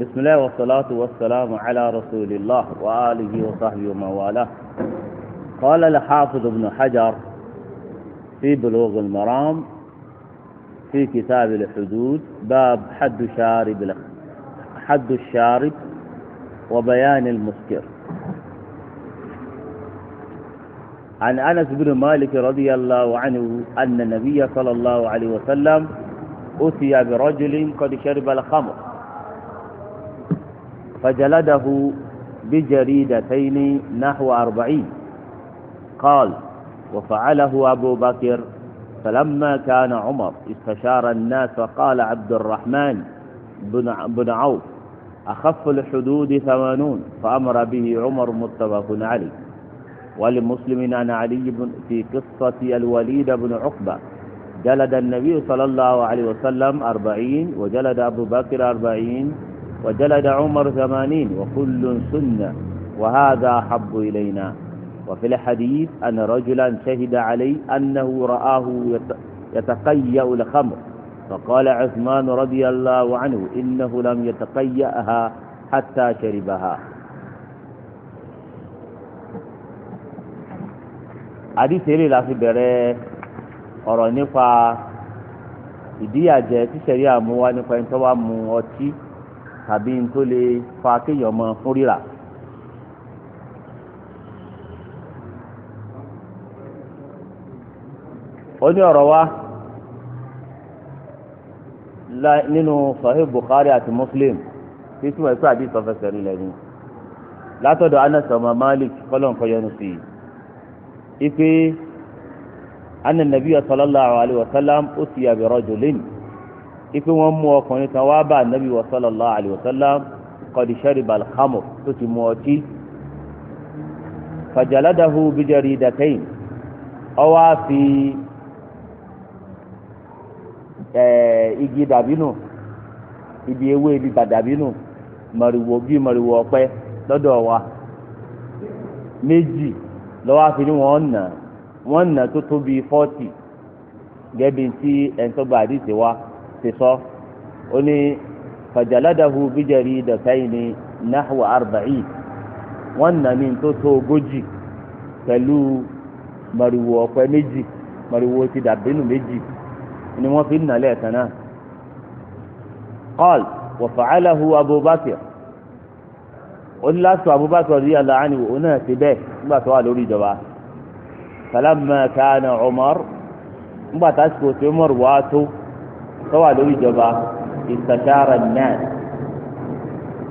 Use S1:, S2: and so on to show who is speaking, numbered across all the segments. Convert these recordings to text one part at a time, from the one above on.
S1: بسم الله والصلاة والسلام على رسول الله وآله وصحبه ومن والاه قال الحافظ ابن حجر في بلوغ المرام في كتاب الحدود باب حد شارب حد الشارب وبيان المسكر عن أنس بن مالك رضي الله عنه أن النبي صلى الله عليه وسلم أتي برجل قد شرب الخمر فجلده بجريدتين نحو أربعين قال وفعله أبو بكر فلما كان عمر استشار الناس فقال عبد الرحمن بن عوف أخف الحدود ثمانون فأمر به عمر متفق عليه ولمسلم عن علي بن في قصة الوليد بن عقبة جلد النبي صلى الله عليه وسلم أربعين وجلد أبو بكر أربعين وجلد عمر ثمانين وكل سنة وهذا حب إلينا وفي الحديث أن رجلا شهد علي أنه رآه يتقيأ الخمر فقال عثمان رضي الله عنه إنه لم يتقيأها حتى شربها àdìsẹ́lẹ̀ la fi bẹ̀rẹ̀ ọ̀rọ̀ nípa ìdíyàjẹ tíṣẹ̀rí àmúwá nípa ẹni tó wá tàbí n tó lè fa kéèyàn ọmọ fún rírà. ó ní ọ̀rọ̀ wa nínú Sahih Bukhari àti Muslim tí túmọ̀ ẹ̀kọ́ àdìsọ fẹsẹ̀ rinlẹ̀ ni látọ̀dọ̀ Anas ọmọ Malik kọ́lọ́n kọ́yọ́nu sí i ipe anna nabiyya sallallahu alayhi wa sallam utiya bi rajulin ipe wọn mú ọkùnrin kan wá bá anabi wa sallallahu alayhi wa sallam kọdi shariba alhamr tó ti mu ọtí fajaladahu bijari dakain ọwọ àfi ẹ igi dàbínù ibi ewé ibi bàdàbínù màrìwò bíi màrìwò ọpẹ lọ́dọ̀ wa méjì lọ́wọ́ àfi ni wọn nà wọn nà tó tóbi fọọtì gẹbi ti ẹnitọgba àdìsí wa ti sọ ó ní fajaladahu bíjẹ̀rì dọ̀kẹ́yìn ní nahwa arba'i wọ́n nà ní tó tó ogójì pẹ̀lú màrìwò ọ̀pẹ méjì màrìwò ti dàbínú méjì ni wọ́n fi ń nà lẹ́ẹ̀kan náà. قال وفعله أبو بكر قلت أبو بكر رضي الله عنه وأنا في بيت ما سؤال أريد فلما كان عمر ما تسكت عمر واتو tọ́wà lórí ìjọba ìsàdára náà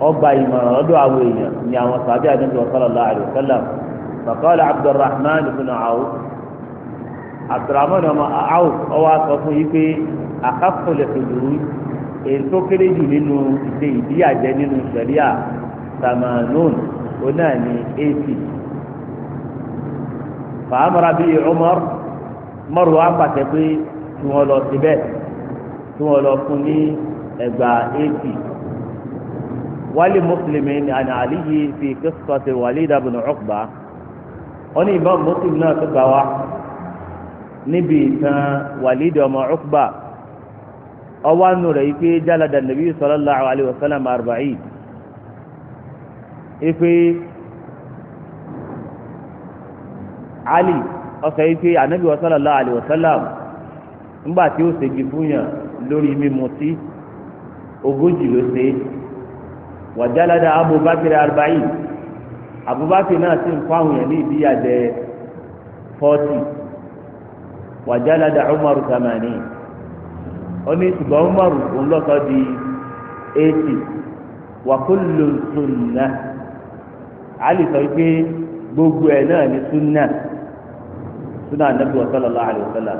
S1: ọgbà ìmọ̀ràn lọ́dọ̀ àwọn èèyàn ni àwọn sàbí àdéhùn sallallahu alaihi wasallam faqala abdulrahman ibn awf abdulrahman ọmọ awf ọwọ́ aṣọ fún yìí pé àkàkọ̀lẹ̀ tòlú èyí tó kéré jù nínú ìdè ìdíyàjẹ nínú sẹ̀ríà samanun oná ní eighty fàámàrà bíi Umar pé kí wọ́n lọ síbẹ̀ tí wọ́n lọ fún ní ẹgbà eighty wálé mùsùlùmí ni àná àlìyé fi qissati Walid ibn Uqba wọ́n ní ìbọn mùsùlùmí náà tó gbà wá níbi ìtàn Walid ọmọ Uqba ọwọ́ àánú rẹ̀ yìí pé jálada nàbí sallallahu alayhi wa sallam arba'in ife Ali ọsẹ ife anabi wa sallallahu alayhi wa sallam ńgbà tí ó ṣègbè lórí mímutí ogójì ló ṣe wàjálàdà abubakar arbaí abubakar náà sì ń kó àwọn èèyàn ní ìdíyàjẹ fọ́tì wàjálàdà umaru samani ó ní ṣùgbọ́n umaru òun lọ́sọ̀ di eighty wàkúlù sunna àlè sọ pé gbogbo ẹ̀ náà ní sunna sunna anabi wa sallallahu alayhi wa sallam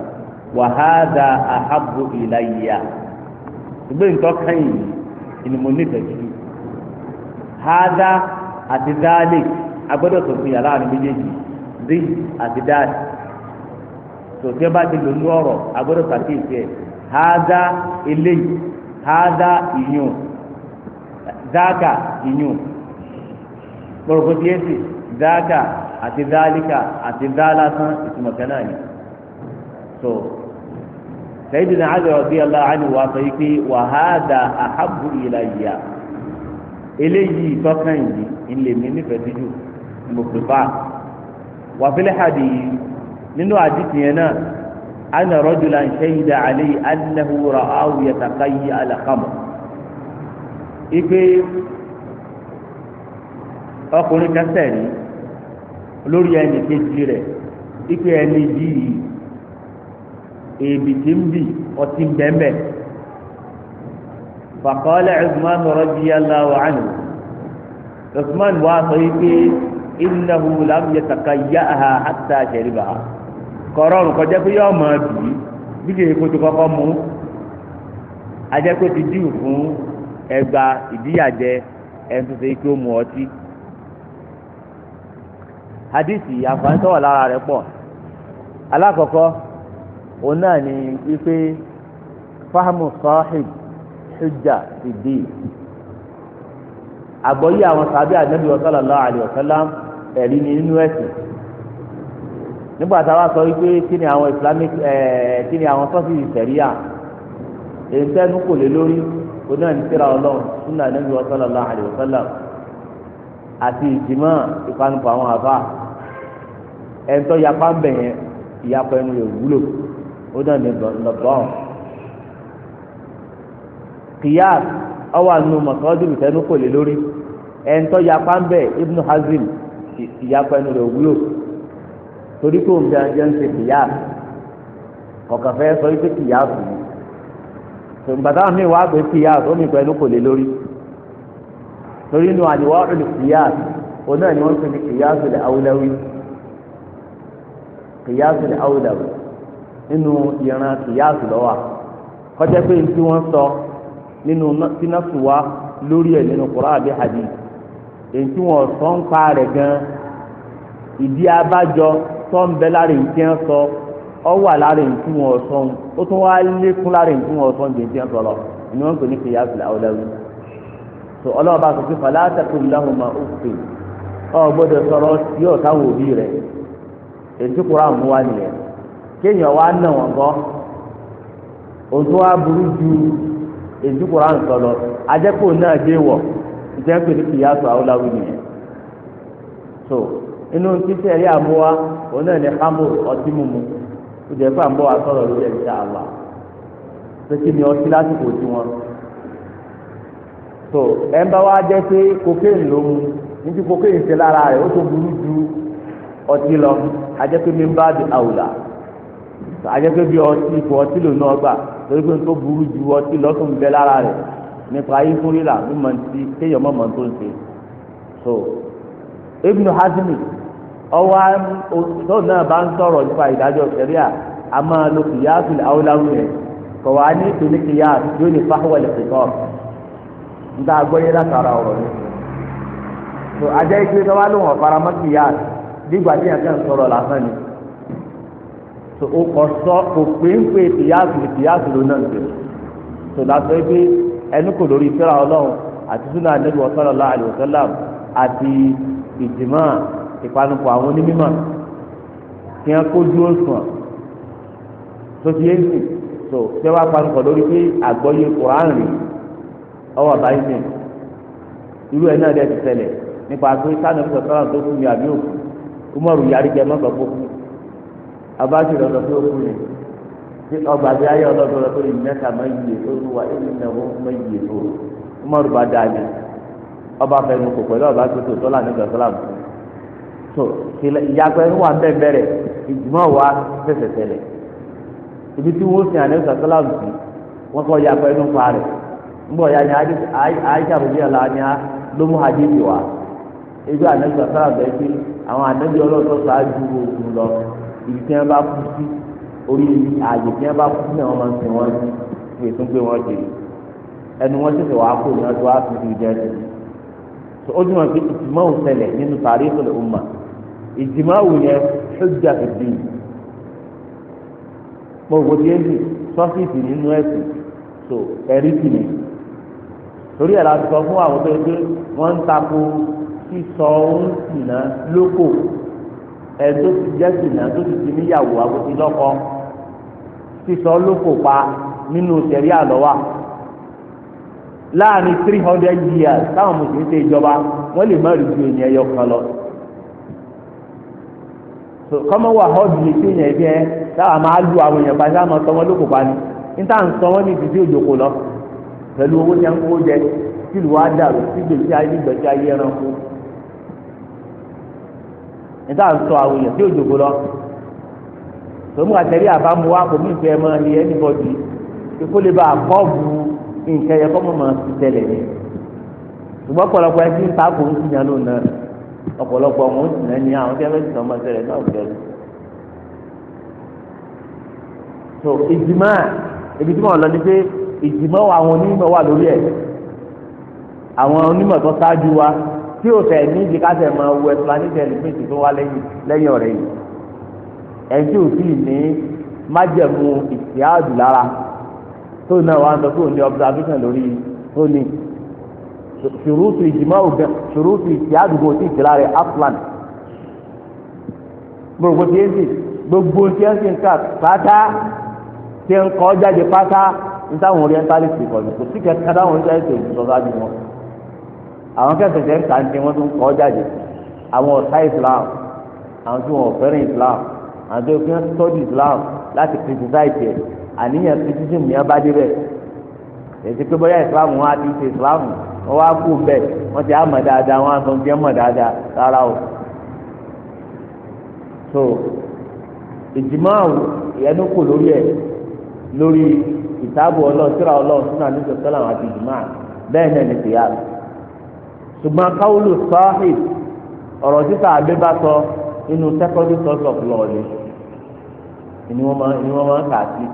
S1: wàhádà àhábù ìlàyà ṣùgbọ́n nǹkan kan yìí ni mo nífẹ̀ẹ́ sí hádà àti dáálì agbọ́dọ̀ tó fi yàrá àrùn méjèèjì dí àti dáálì tòtí ẹ bá ti lò ní ọ̀rọ̀ agbọ́dọ̀ pàkíyèsí ẹ̀ hádà eléyìí hádà ìyún dáàkà ìyún pòròpótíyèsì dáàkà àti dáálíkà àti dáálásán ìtumọ̀ náà ni so Sayyidina Ali radiyallahu anhu wà sọ yìí pé wàhádà ahabbu ilayya eléyìí tọ́kàn yìí ìlèmí nífẹ̀ẹ́ sí jù mùsùlùmá wà fil hadith nínú àdìsí yẹn náà ana rajulan shahida alayhi annahu ra'ahu yataqayyi ala khamr ipe ọkùnrin kẹsẹ̀ lórí ẹnì kejì rẹ̀ ipe ẹni yìí Ebi tí ń bì ọtí bẹ́ẹ̀mẹ́ fàkọ́lẹ̀ Usman radiyallahu anhu Usman wà sọ yìí pé innahu lam yatakayyaha hatta shariba kọ́rọ́ọ̀rù kọjá pé yọ ọmọ bì í bí kọ́kọ́ mú dìbò fún ẹgba ìdíyàjẹ ẹni tó ṣe kí ó mu ọtí hadisi tó wà lára òun náà ni wípé fáhámù sọ́hìb ṣújà ìdí àgbọ̀yé àwọn sàbí ànábì sallallahu alaihi wasallam ẹ̀rí ni nínú ẹ̀sìn nígbà táwa sọ wípé kí ni àwọn islamic kí ni àwọn sọ́fìsì sẹ̀ríà èyí tẹ́nu kò lé lórí òun náà ní síra ọlọ́run sunna ànábì sallallahu alaihi wasallam àti ìjìmọ̀ ìpanupọ̀ àwọn àbá ẹ̀ńtọ́ yapa ń bẹ̀yẹn ìyapa ẹnu yóò wúlò. ó ní Kiyas kìyàs ọwọ́ àánú mọ̀kàndé bìtẹ́ ní kò lè lórí ẹ̀ńtọ́ yapa ya bẹ̀ Ibn Hazim ìyapa ẹnu rẹ̀ wúlò torí kò ń bẹ ajẹ́ ń ṣe kìyàs ọ̀kàn sọ wípé kìyàs ni tòǹbàtà mi ó mi kò lè lórí torí àdìwọ́ ọ̀rẹ́lẹ̀ ni wọ́n ní nínú ìran kìyàsù lọ́wà kọjá pé n tí wọ́n sọ nínú sinasu wa lórí ẹ̀ nínú Qur'an àbí hadith èyí tí wọ́n sọ ń pa rẹ̀ gan ìdí abájọ tó ń bẹ lára èyí tí wọ́n sọ ọ wà lára èyí tí wọ́n sọ ń ó tún wá lékún lára èyí tí wọ́n sọ ń jẹ́ tí wọ́n sọ lọ ni wọ́n ń pè ní kìyàsù làwọn lẹ́wọ̀n tó ọlọ́ọ̀bá sọ pé fàlà àtàkùn làwọn máa ń pè ọ gbọ́dọ̀ sọ̀rọ̀ sí ọ̀táwò òbí rẹ̀ èyí tí Qur'an mú wá nìyẹn. kéèyàn wá nà wọn gbọ́ òtún wa burú ju ìdúkùrọ̀ àǹtọ̀ lọ ajẹ́pọ̀ náà dé wọ̀ ìjẹ́ pé ní kìyàtọ̀ nìyẹn so inú títí ẹ̀rí àmúwá òun náà ní hamu ọtí mímu ìjẹ́ fún àmúwá wa sọ̀rọ̀ lórí ẹ̀ṣẹ̀ àlá pé ni ọtí so ẹ ń bá wa jẹ́ pé kokéènì ló mu níbi kokéènì lọ mi bá di àjẹpẹ́ bí ọtí ipò ọtí lò náà gbà torí pé tó burú ju ọtí lọ́tún bẹ lára rẹ̀ nípa ayé fún rírà ló mọ̀ ti kéèyàn mọ̀ mọ̀ tó ń ṣe so Ibn Hazmi ọwọ́ tó náà bá ń sọ̀rọ̀ nípa ìdájọ́ sẹ́ríà a máa lo kìyàsù awúláwù rẹ̀ kọ̀ ní ìpele yóò látara ọ̀rọ̀ so ìgbésẹ̀ wa ló faramọ́ bí tó o kọ sọ kò pé ń pè tìyáàsì tìyáàsì ló náà tẹ̀ tó lásán pé ẹnu kò lórí ìfẹ́ra ọlọ́run àti súnà ànábì sallallahu alaihi wasallam àti ìjìmọ́ ìpanupọ̀ àwọn onímọ̀ kí wọ́n kó dúró sùn tó ti yé sìn so tí wọn bá panukọ lórí pé àgbọ́yé koran rè ọwọ́ àbáyé ní irú ẹ náà dẹ ti ṣẹlẹ̀ nípa pé sani fún ọsán tó kú ní àbí òkú umaru yarí jẹ mọsán tó kú aba lọ sọ pé ó kú ni tí ọgbà bí ayé ọlọ́dún lọ pé ìmẹ́ta máa ń yè èmi náà máa ń yè tó bá dáa ni ọba fẹnu kò pẹ̀lú ọba tó tó tọ́lá nígbà tó ìyàgbẹ́ wà ìjùmọ̀ wa fẹsẹ̀ tẹ̀lẹ̀ ibi tí wọ́n sìn wọ́n kọ́ ìyàgbẹ́ inú pa rẹ̀ ya ló mú wa ibi tí wọ́n bá kú sí orí ààyè tí wọ́n bá kú sí àwọn máa ń sìn wọ́n sí fún ètò gbé wọn jèrè ẹnu wọn ṣẹ̀ṣẹ̀ wàá kó ní ọjọ́ àti ìdí ìjẹ rẹ tó ó dùnmọ̀ pé ìtìmọ̀ ò ṣẹlẹ̀ nínú tàrí ìṣẹ̀lẹ̀ ọmọ ìtìmọ̀ ò yẹ ṣọ́jà ìdí mo wò di èyí sọ́fíìsì nínú ẹ̀sìn tó ẹ̀rí sì ni torí ẹ̀ la sọ fún àwọn tó ń gbé ń takò sísọ òun sì lóko ẹtó ti jẹ́ sìnà tó ti ti níyàwó àbòtí lọ́kọ sísọ ló kò pa nínú sẹ̀rí àlọ́wà láàrin three hundred years táwọn mùsùlùmí ṣe ìjọba wọ́n lè má rí ju ènìyàn ẹyọ kan lọ. kọ́mọ́ wà lè ṣe èèyàn ẹbí ẹ táwọn máa lu àwọn èèyàn bá sáà sọ wọ́n ló kò pa ni níta ń sọ wọ́n ní ìdíje òjòkó lọ pẹ̀lú owó tí wọ́n ń kó jẹ sílùú á dàrú sígbèsí ayé gbèsè ayé ẹranko níta sọ àwọn èèyàn tí òjòkó lọ tòmú àtẹ̀lé àbámu wa kò ní ìfẹ́ mọ́ ni anybody kó lè bá àkọ́ọ̀bù nǹkan yẹ kọ́ mọ̀ mọ́ ti tẹ̀lẹ̀ ni ṣùgbọ́n ọ̀pọ̀lọpọ̀ ẹtí ń takò ń sìnyà ló na ọ̀pọ̀lọpọ̀ ọ̀hún ń sìnyà ni àwọn tí wọ́n fẹ́ sìnyà ọmọ tẹ̀lẹ̀ náà fẹ́ẹ́ so ìjìmọ́ ibi tí mo lọ ni pé ìjìmọ́ àwọn onímọ̀ wà lórí ẹ̀ àwọn onímọ̀ tó ṣáájú wa tí o fẹ́ ní ibi káṣẹ̀ máa wo explanation ẹlẹ́mìtì tó wá lẹ́yìn lẹ́yìn ọ̀rẹ́ yìí ẹni tí o sì ní májẹ̀mú ìṣíáàdù lára tó náà wà ń sọ pé o ní observation lórí tó ní ṣùrùtù ìjìmọ̀ òbẹ̀ ṣùrùtù ìṣíáàdù kò tí ì tẹ̀lá rẹ̀ aflan gbogbo tí ẹ ń sè gbogbo tí ẹ ń sè ń kà pátá tí ń kọ́ jáde pátá ní táwọn orientalist kọ̀ kò sí kẹ́kẹ́ táwọn orientalist kọ̀ ní wọn àwọn kẹsẹsẹ ń kàńtì wọn tún kọ jáde àwọn ọ̀tá islam àwọn tí wọn ò fẹ́ràn islam àwọn tó fi ń tọ́jú islam láti kìrìtìsáìtì ẹ̀ àníyàn kìrìtìsìm yẹn bá débẹ̀ èsì pé bóyá islam wọn á ti ṣe islam wọn wá kú bẹ́ẹ̀ wọ́n ti á mọ̀ dáadáa wọn á sọ ti mọ̀ dáadáa rárá o so ìjìmọ̀ ìyẹnu kò lórí ẹ̀ lórí ìtàbù ọlọ́ọ̀ síra ọlọ́ọ̀ sínú àdúgbò sọ́lá àti ìjìmọ̀ bẹ́ẹ̀ náà ni tìyàrá ṣùgbọ́n káwùlù sahib ọ̀rọ̀ títà àbíbá sọ inú secondary source of law ni ni wọ́n máa ni wọ́n máa kà sí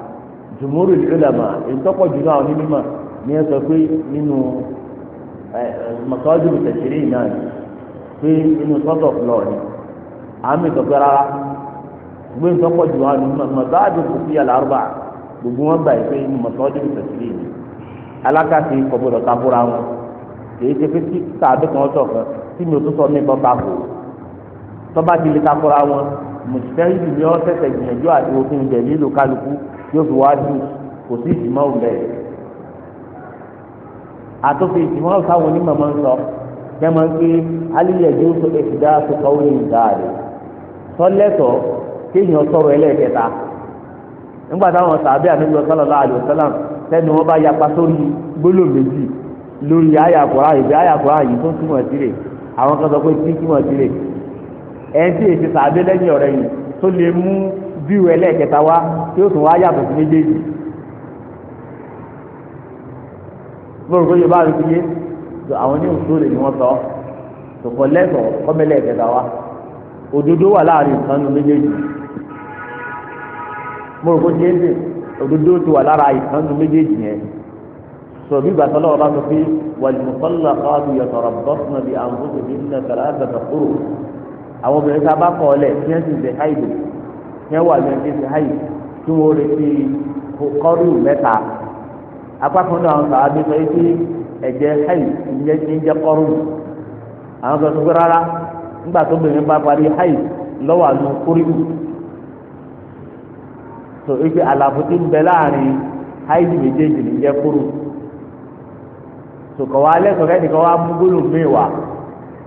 S1: jùmúrù ìlúlẹ̀mà ìtọ́pọ̀ jùlọ àwọn onímọ̀ ni ẹ sọ pé nínú mọ̀tọ́jú tẹ̀sírí náà ni pé inú source of law ni àmì sọ pé rárá gbé ìtọ́pọ̀ jùlọ àwọn onímọ̀ mọ̀tọ́jú kò sí àlárúbà gbogbo wọn gbà pé inú mọ̀tọ́jú tẹ̀sírí ni alákàtí kọ̀ gbọdọ̀ tabúra wọn kìí ṣe pé kí tàbí kan sọ kan tí mi ò tún sọ ní ìbọn bá kò tọ́ba ti lè takora wọn mùsùlùmí ni wọ́n tẹ̀sẹ̀ gbìyànjú àti òfin ìjẹ̀ nílò kálukú yóò fi wá jù kò sí ìjìmọ̀ òǹbẹ̀ àtòfin ìjìmọ̀ táwọn onímọ̀ máa ń sọ jẹ́ máa ń pé alílẹ̀ yóò sọ èsì dáa tó kọ́ òní ìdáàdì sọ́lẹ́tọ̀ kéèyàn sọ̀rọ̀ ẹlẹ́ẹ̀kẹta nígbà táwọn sàbẹ́ àmì lórí ayàkùrá ìgbé ayàkùrá yìí tó túmọ̀ sílẹ̀ àwọn kan sọ pé tí túmọ̀ sílẹ̀ ẹni tí èsì sàbẹ̀ lẹ́yìn ọ̀rẹ́ yìí tó lè mú bíu ẹlẹ́ẹ̀kẹta wá tí ó tún wá yàtọ̀ sí méjèèjì lórúkọ yóò bá rí fi yé àwọn oníhùn tó lè ní wọ́n sọ tòkọ lẹ́sọ̀ kọ́mẹ́lẹ́ẹ̀kẹta wá òdodo wà láàrin nǹkan nu méjèèjì mo rò pé jésù òdodo ti wà lára ìkan nu méjèèjì yẹn sọ bí gbàtọ́ lọ́wọ́ bá sọ pé wàlùmọ́sọ́lá kọ́ọ̀dù yọ̀tọ̀rọ̀ bọ́sùnà bíi àǹfóso bíi nínú ẹ̀kọ́ lágbàtà kúrò àwọn obìnrin tá a bá kọ́ ọlẹ̀ kí wọ́n sì ṣe háìdù kí wọ́n wà lóyún kí wọ́n ṣe háìdù kí wọ́n retí kọ́ọ̀dù mẹ́ta apá kan náà àwọn sàábí sọ pé ẹ̀jẹ̀ háìdù ìyẹn ti ń jẹ́ kọ́ọ̀dù àwọn sọ pé rárá nígbà tó obìnrin bá parí háìdù lọ́wọ́ tòkọ̀ wa lẹ́sọ̀ fẹ́ẹ́ nìkan wá mú gbólóhùn mi wá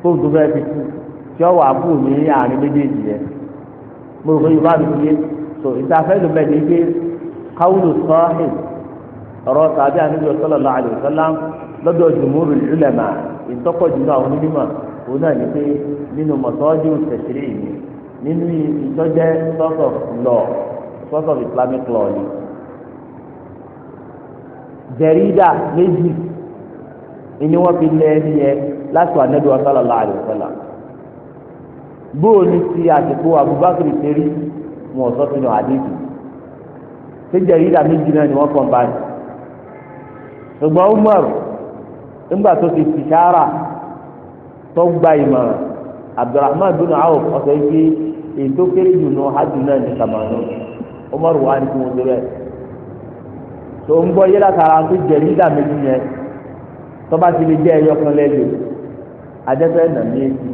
S1: fóun tó fẹ́ẹ́ fi kú tí ọ wà kú ní àárín méjèèjì yẹn mo rò pé yorùbá mi fi yé so ìtafẹ́ ló bẹ̀ ní pé káwùlù sọ́ọ̀hì ọ̀rọ̀ tàbí àníjọ sallallahu alaihi wasallam lọ́dọ̀ jùmúrù ìlúlẹ̀mà ìtọ́kọ̀ jùlọ àwọn onímọ̀ òun náà ní pé nínú mọ̀tọ́jú tẹ̀sírì yìí nínú ìtọ́jẹ́ source of law source of islamic law ni. jẹ̀rídà ni wọ́n fi lé ẹni yẹn láti wà nẹ́bí wọn sálọ̀ láàrin ìfọ̀lá bóòlù ti àsìkò Abubakar ṣeré wọn ò sọ sínú àdéhùn séjẹ yíra méjì náà ni wọ́n kàn báyìí ṣùgbọ́n Umar nígbà tó ti fi sára tó gba ìmọ̀ràn Abdulrahman bin Awf ọ̀sẹ̀ yìí èyí tó kéré jù hajj náà ní kàmánu Umar wà ní kí wọ́n dúró ẹ̀ tó ń gbọ́ yẹ́lá tara tó jẹ̀rí ìdá méjì yẹn tọ́ba ti lè jẹ́ ẹyọ kan lẹ́yìn adẹ́fẹ́ nà ní èsì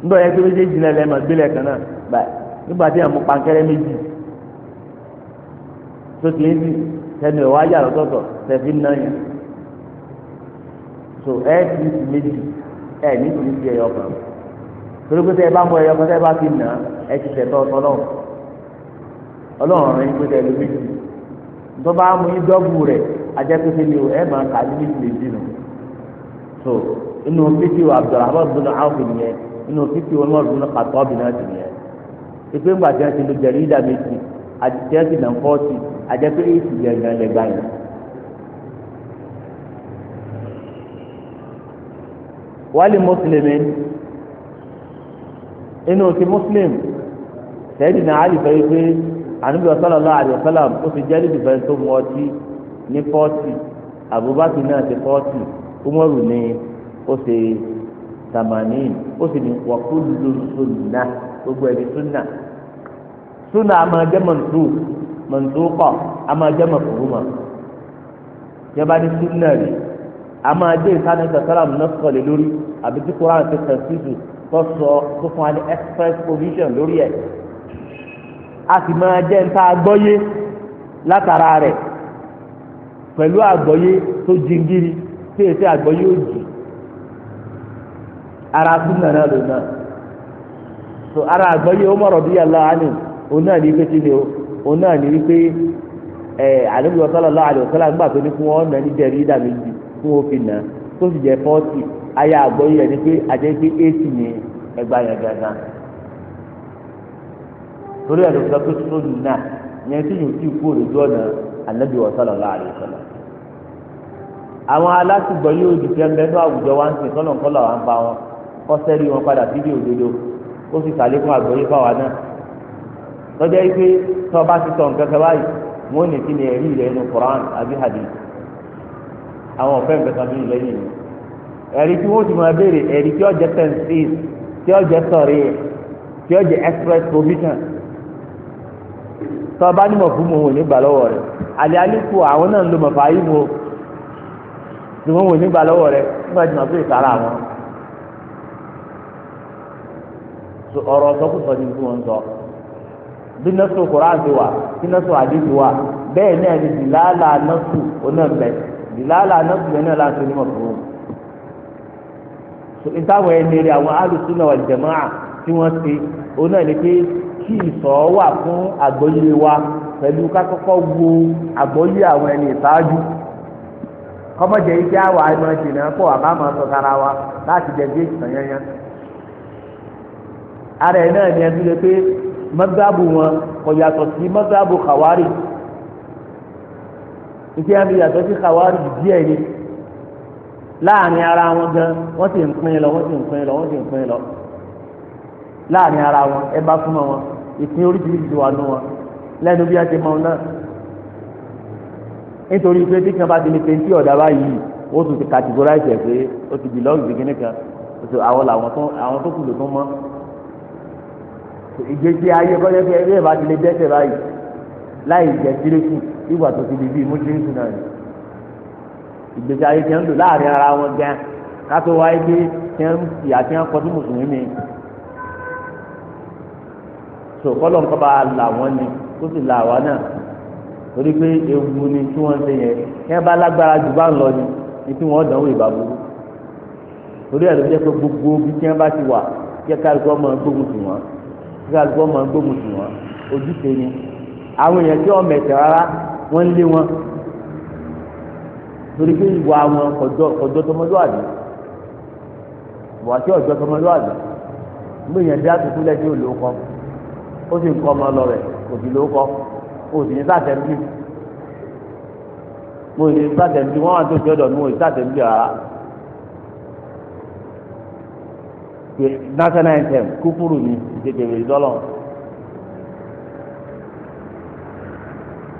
S1: nígbà yẹn tó méjèèjì náà lẹ́mọ̀ gbélé kan náà báyìí nígbà tí yẹn mú pankẹ́rẹ́ méjì tó ti ń di tẹnu ẹ̀wọ́ ayé àlọ́tọ̀tọ̀ tẹ̀fí náà yẹn so ẹ ti ti méjì ẹ ní ti ti ẹyọ kan torí pé tẹ ẹ bá mú ẹyọ kan tẹ ẹ bá ti nà ẹ ti tẹ̀ tọ́ ọlọ́run ọlọ́run rẹ̀ ń pè tẹ̀ lómi tó bá mú yín rẹ̀ ajẹ́pẹ́sẹ́ ni o ẹ̀ máa kà ní méjì méjì nù so inú fífi wa abdulrahman bin awfi nìyẹn inú fífi wa umar bin khattab bin awfi nìyẹn ìpín gbà tí wọ́n ti lu jẹ̀rí ìdá méjì àjẹsí nà fọ́ọ̀tì ajẹ́pẹ́ èsì gẹ̀gẹ̀ lẹ́gbàá yẹn. wali muslimin inú ti muslim sayyidina ali fẹ́ pé ànúbíyọ̀ sallallahu alaihi wasallam ó ti jẹ́rìí ìfẹ́ tó mu ọtí ní fọ́ọ̀tì Abubakar náà ṣe fọ́ọ̀tì Umaru ní ó ṣe tamani ó sì ní wàkúlù suna gbogbo ẹni sunna sunna a máa jẹ́ mọ̀nsú mọ̀nsú kọ̀ a máa jẹ́ mọ̀kúrúmọ̀ jẹba ní sunna rí a máa jẹ́ ìsánú lórí àbí tí ti tẹ̀ sísù tó fún wa ní express provision lórí ẹ̀ a sì máa jẹ́ ń gbọ́yé látara rẹ̀. pẹ̀lú àgbọ́yé tó jingiri tí èsì àgbọ́yé ò jì ara súnà náà ló náà so ara àgbọ́yé ó mọ̀rọ̀ bí yàrá àánú òun náà ní pété na o O náà ní wípé ẹ àdébí sallallahu alaihi wasallam nígbà tó ní fún wọn náà ní dẹ̀rí ìdá méjì fún òfin náà tó sì jẹ́ fọ́ọ̀tì ayé yẹn ni pé àjẹ́ pé ni ẹgbà yẹn torí ẹ̀ anabi wa sallallahu alayhi wa sallam àwọn alásìgbọ yóò di fẹ́ mbẹ́nu àwùjọ wa ń sìn kọ́nà kọ́nà wa ń bá wọn kọ́ sẹ́rí wọn padà síbi òdodo ó sì sàlékún àgbọ̀yé fáwa náà tọ́jà yìí pé tọ́ bá ti sọ nǹkan kan báyìí wọ́n ní kí ni ẹ̀rí rẹ̀ nu Quran àbí hadith àwọn ọ̀fẹ́ nǹkan kan bíi lẹ́yìn mi ẹ̀rí tí wọ́n ti máa béèrè ẹ̀rí tí ó jẹ́ sensis tí ó jẹ́ tí ó express provision tọ́ ọ bá ní mọ̀fúnmù wọn ò ní gbà lọ́wọ́ rẹ̀ àwọn náà ń lo mọ̀fà yìí wo ni wọn ò ní gbà lọ́wọ́ rẹ̀ nígbà tí mo pè sára wọn. ọ̀rọ̀ sọkùsọ ni fún wọn sọ bí nọ́ọ̀sù koran ti wà bí nọ́ọ̀sù àdìsí wà bẹ́ẹ̀ náà ni bìláàlà nọ́ọ̀sù onáàbẹ̀ bìláàlà nọ́ọ̀sù yẹn náà láti onímọ̀ fún wọn. ìtàwọn ẹni rẹ àwọn alùsùn náà wà jẹ̀máà tí wọ́n ti onáà ni pé tí ìsọ̀ wà fún àgbọ́yé wa pẹ̀lú kákọ́kọ́ wo àgbọ́yé àwọn ẹni ìsáájú kọ́mọ̀jẹ̀ yìí kí á wà ẹ̀mọ́ ìṣìnà pọ̀ àbámọ́ sọ̀tara wa láti jẹ bí ìṣìnà yẹn yẹn. ara ẹ̀ náà ni ẹbí rẹ pé mọ́gbàbù wọn kò yàtọ̀ sí mọ́gbàbù kàwárì ìṣe àmì yàtọ̀ sí kàwárì díẹ̀ ni láàrin ara wọn gan wọ́n sì ń pín lọ wọ́n sì ń pín lọ wọ́n sì ń pín lọ láàrin ara wọn ẹ bá súnmọ́ wọn ìpín oríṣiríṣi wà nù wọn lẹ́nu bí a ti mọ náà nítorí pé tí kan bá ti lè pe tí ọ̀dà báyìí ó tún ti categorize ẹ̀ pé ó ti belong sí kíní kan àwọn làwọn tó àwọn tó kù ló tó mọ́ ìgbésí ayé kọ́jọ́ pé ẹgbẹ́ ìbá ti lè dẹ́sẹ̀ báyìí láì jẹ́ sírékù ìgbà tó ti di bíi mú sírékù náà ìgbésí ayé ti ń lò láàrin ara wọn gan kátó wáyé pé tí wọ́n ń àti wọn kọ́ sí mùsùlùmí tó kọ́lọ̀ nǹkan bá là wọ́n ni kó sì là wá náà torí pé ewu ni tí wọ́n ń ṣe yẹn kí wọ́n bá lágbára jù bá ń lọ ni ni tí wọ́n dánwò ìbàbò torí ẹ̀ ló jẹ́ pé gbogbo bí tí wọ́n bá ti wà kí kálukọ́ máa gbógun tì wọ́n kí kálukọ́ máa gbógun tì wọ́n ojúṣe ni àwọn èèyàn tí wọ́n mẹ̀tẹ̀ rárá wọ́n lé wọn torí pé ìwà wọn kọjọ tọmọlúwàbí ìwà tí ọjọ́ tọmọlúwàbí gbé yẹn dá tuntun lẹ́jọ́ ó sì ń kọ́ ọmọ lọ rẹ̀ kò sì ló kọ́ kò sì ní sàtẹ́ńbì mo sì ní sàtẹ́ńbì wọ́n wà tó ti ọ̀dọ̀ mi mo sì sàtẹ́ńbì rárá. national anthem kúkúrú ni ìdèdèrè ìdọ́lọ̀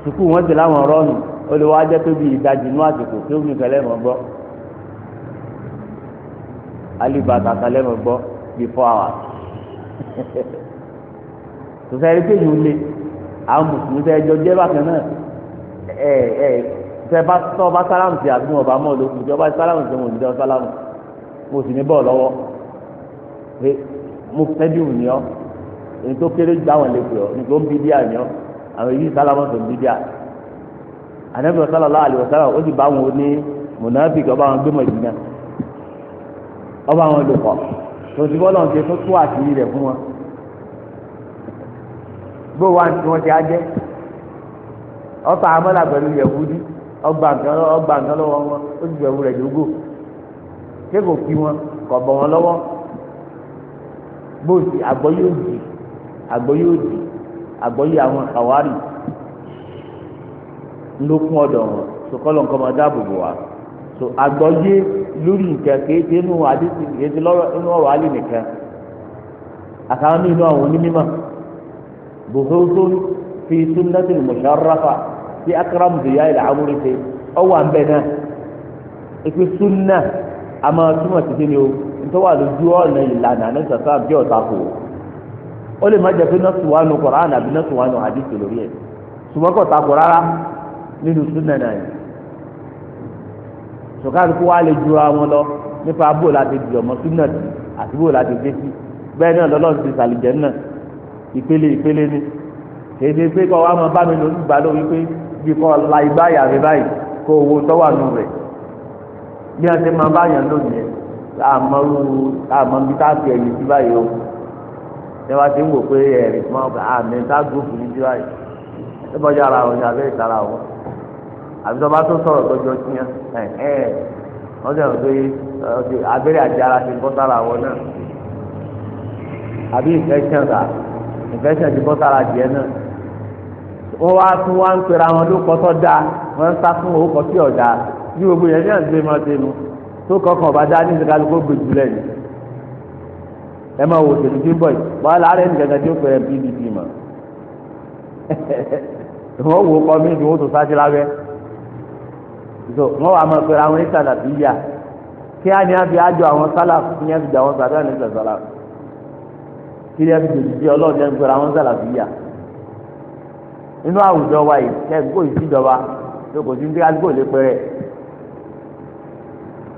S1: sukuu wọn ti láwọn rọọnù ó lè wá jẹ pé bí ìdajì inú àsìkò tí ó fi fẹlẹ mọ gbọ́ alibata kalẹ mọ gbọ́ before hours. tòṣà eré kéyìn ó lé àwọn mùsùlùmí tẹ ẹjọ jẹ bákan náà ẹ ẹ tẹ bá tọ bá sálámù sí àbí wọn bá mọ lókun tí wọn bá sálámù sí wọn ò ní jọ sálámù mo sì ní bọ́ọ̀ lọ́wọ́ pé mo fẹ́ bí wù ní ọ èyí tó kéré gbá wọn lè pè ọ nígbà ó ń bí díà ní ọ àwọn èyí sálámù tó ń bí díà ànábì sallallahu alaihi wasallam ó sì bá wọn ní mùnàfíì kí ọba wọn gbé Mẹdínà ọba wọn lò pọ̀ tòṣìbọ́ lọ́n ti tó wọn. gbó wa ní wọn ti ajẹ ọfà amọlà pẹ̀lú yẹwudi ọgbà nǹkan ọgbà nǹkan lọ́wọ́ wọn ó ti yẹwu rẹ dógò ṣé kò kí wọn kò bọ wọn lọ́wọ́ bóòsì àgbọ yóò dì àgbọ yóò dì àgbọ yóò àwọn àwárí wọn nǹkan máa dáàbò bò wá so àgbọ́yé lórí nǹkan kéde buhusun fi sunnati musharrafa ti akram ziya ila amuri ṣe ọwọ àmbẹ náà ìpè sunna àmọ́ túmọ̀ sí kí ni o nítorí wà lójú ọ̀nà ìlànà ní sàtà bí ọ̀tá kò ó lè má jẹ pé nọ́ọ̀sì wa nù Kùránì àbí nọ́ọ̀sì wa nù hadith lórí ẹ̀ ṣùgbọ́n kò takò rárá nínú sunna náà yìí sọ̀kárì kó wá lè jura wọn lọ nípa bó láti di ọmọ sunna àti bó láti dé sí bẹ́ẹ̀ náà lọ́lọ́run ti sàlìjẹ́ náà ìpele ìpele ni èdè pé kọ́ wa máa bá mi lórí ìgbà lórí pé bí kọ́ la ìgbáyà mi báyìí kó owó tọ́wà nù rẹ̀ bí wọ́n ti máa bá yàn lónìí yẹn àmọ́ àmọ́ bí tá a fi báyìí o ẹ wá ti ń wò pé ẹ̀rì máa àmì tá a gbóòfù ní sí báyìí ẹ bọ́jà ara wọn ni abẹ́ ìtara wọn àbí tó bá tó sọ̀rọ̀ tọ́jọ́ sí yẹn ẹ̀ ẹ̀ wọ́n sọ̀rọ̀ pé abẹ́rẹ́ àti ara ti bọ́ sára wọn náà àbí ìfẹ́ ṣẹ̀ǹtà infection ti bọ́ sára adìẹ náà wọ́n wá tún wá ń pera wọn ló kọ́tọ́ dá wọ́n ń sá fún owó kọ́tí ọ̀dà bí gbogbo yẹn ní àǹtí máa ṣe mu tó kọ́kàn ọ̀bá dá ní ìsìnká lóko gbèjú lẹ̀ ní. ẹ máa wò tèmi tí ń bọ̀ yìí wọ́n á láàárẹ̀ ní gẹ́gẹ́ tí ó pẹ̀lẹ́ pdp mọ̀ wọ́n wò ó kọ́ mí ìdíwọ́ tó sáájú lábẹ́ wọ́n wà máa pera wọn ní sàdàbí yà kí á ní àbí àjọ àwọn sálà ní àbí kíri ẹbí tòjú bí ọlọ́ọ̀dẹ ń gbọ́ra wọn sàlàfíà nínú àwùjọ wa yìí kẹ́gbó ìsìjọba tó kò sí ní kálukú òlé pẹ́rẹ́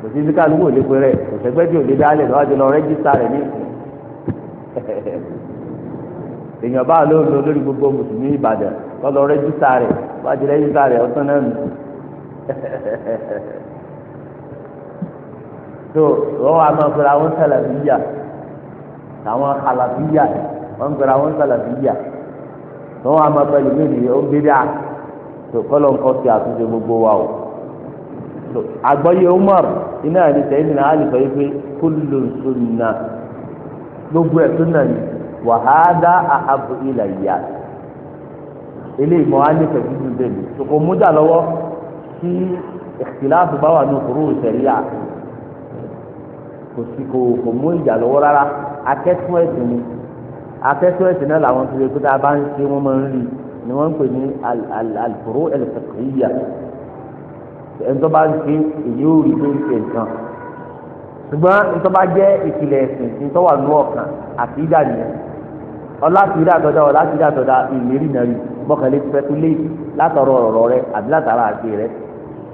S1: kò sí ní kálukú òlé pẹ́rẹ́ kò sẹ́gbẹ́ tí òlé dálẹ̀ lọ́wọ́dé lọ rẹ́jísítà rẹ̀ ní èèyàn bá ló ń lo lórí gbogbo mùsùlùmí Ìbàdàn lọ́lọ rẹ́jísítà rẹ̀ wájú rẹ́jísítà rẹ̀ ọ̀tán náà nù tó wọ́n wá máa fẹ́ra wọn sàlàfíà àwọn kàlàfíyà wọn ń gbẹra wọn kàlàfíyà wọn wà máa pẹ̀lú mí nìyẹn ó ń bíbí à tó kọlọ ń kọ sí àtúnṣe gbogbo wa o àgbọ́yé Umar iná ẹni sẹ́yìn nínú àlùfẹ́ yìí pé kullu sunna gbogbo ẹ̀ sunna ni wa hada ahabu ilayya ilé ìmọ̀ á ní pẹ̀lú ìdílé mi kò mú dà lọ́wọ́ kí ìkìláàfù bá wà ní òkúrò ìṣẹ̀lẹ̀ à kò sí kò mú ìjà lọ́wọ́ rárá akẹ́kọ̀ọ́ ẹ̀sìn ni akẹ́kọ̀ọ́ ẹ̀sìn náà làwọn tó yẹ kó tá a bá ń ṣe wọ́n máa ń rí ni wọ́n ń pè ní alfuru al-fiqhiyya ẹni tó bá ń ṣe èyí ò rí tó ń ṣe nǹkan ṣùgbọ́n nítorí bá jẹ́ ìpìlẹ̀ ẹ̀sìn tí tó wà lọ́wọ́ kan àkídà nìyẹn ọlátìdá àtọ́dá ọlátìdá àtọ́dá ìlérí náà rí mọ́kànlé speculate látọ̀rọ̀ ọ̀rọ̀ rẹ àbí látara àti rẹ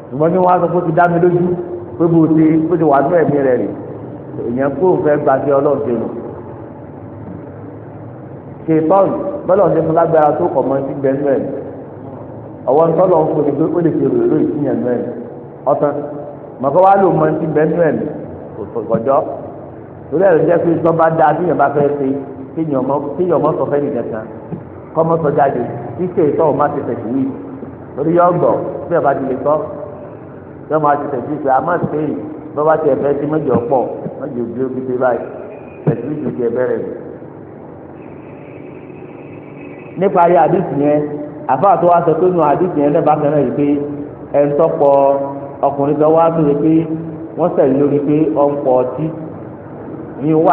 S1: ṣùgbọ́n ní wọ́n á sọ pé ó ti dá mi lójú pé bó ṣe bó ṣe wà nú ẹ̀mí rẹ rèé èèyàn kó fẹ́ gbàgbé ọlọ́ọ̀dẹ nù ṣe tọ́ọ̀nù bọ́lá ọ̀dẹ fún lágbára tó kọ̀ mọ́ sí gbẹ́nu ẹ̀ ọwọ́ ń tọ́lọ̀ ń fòdì pé ó lè fi rèrò ìsìnyẹ̀nu ẹ̀ ọ̀tán mọ̀kọ́ wá lò mọ́ sí gbẹ́nu ẹ̀ kọjọ́ torí ẹ̀rọ jẹ́ pé sọ́ba dáa bí yẹn bá fẹ́ ṣe kéèyàn mọ́ sọ fẹ́ nìkan kan kọ́ mọ́ sọ jáde kíkẹ́ ìtọ́ ọ̀ má ti tẹ̀sí wí torí yọ ọgbọ̀ bí ẹ̀ ti lè tọ́ yọ má ti tẹ̀sí pé a má ṣe é bọ́ba tiẹ̀ fẹ́ sí méjì ọ̀pọ̀ méjì ojú ojú ti báyìí pẹ̀lú ìjù tiẹ̀ bẹ̀rẹ̀ rẹ̀. nípa ayé àdìsí yẹn àfáà tó wá sọ pé nù àdìsí yẹn lẹ́bàá yìí pé tọ́pọ̀ ọkùnrin kan wá pé wọ́n sẹ̀rí lórí pé pọ̀ ọtí ní owó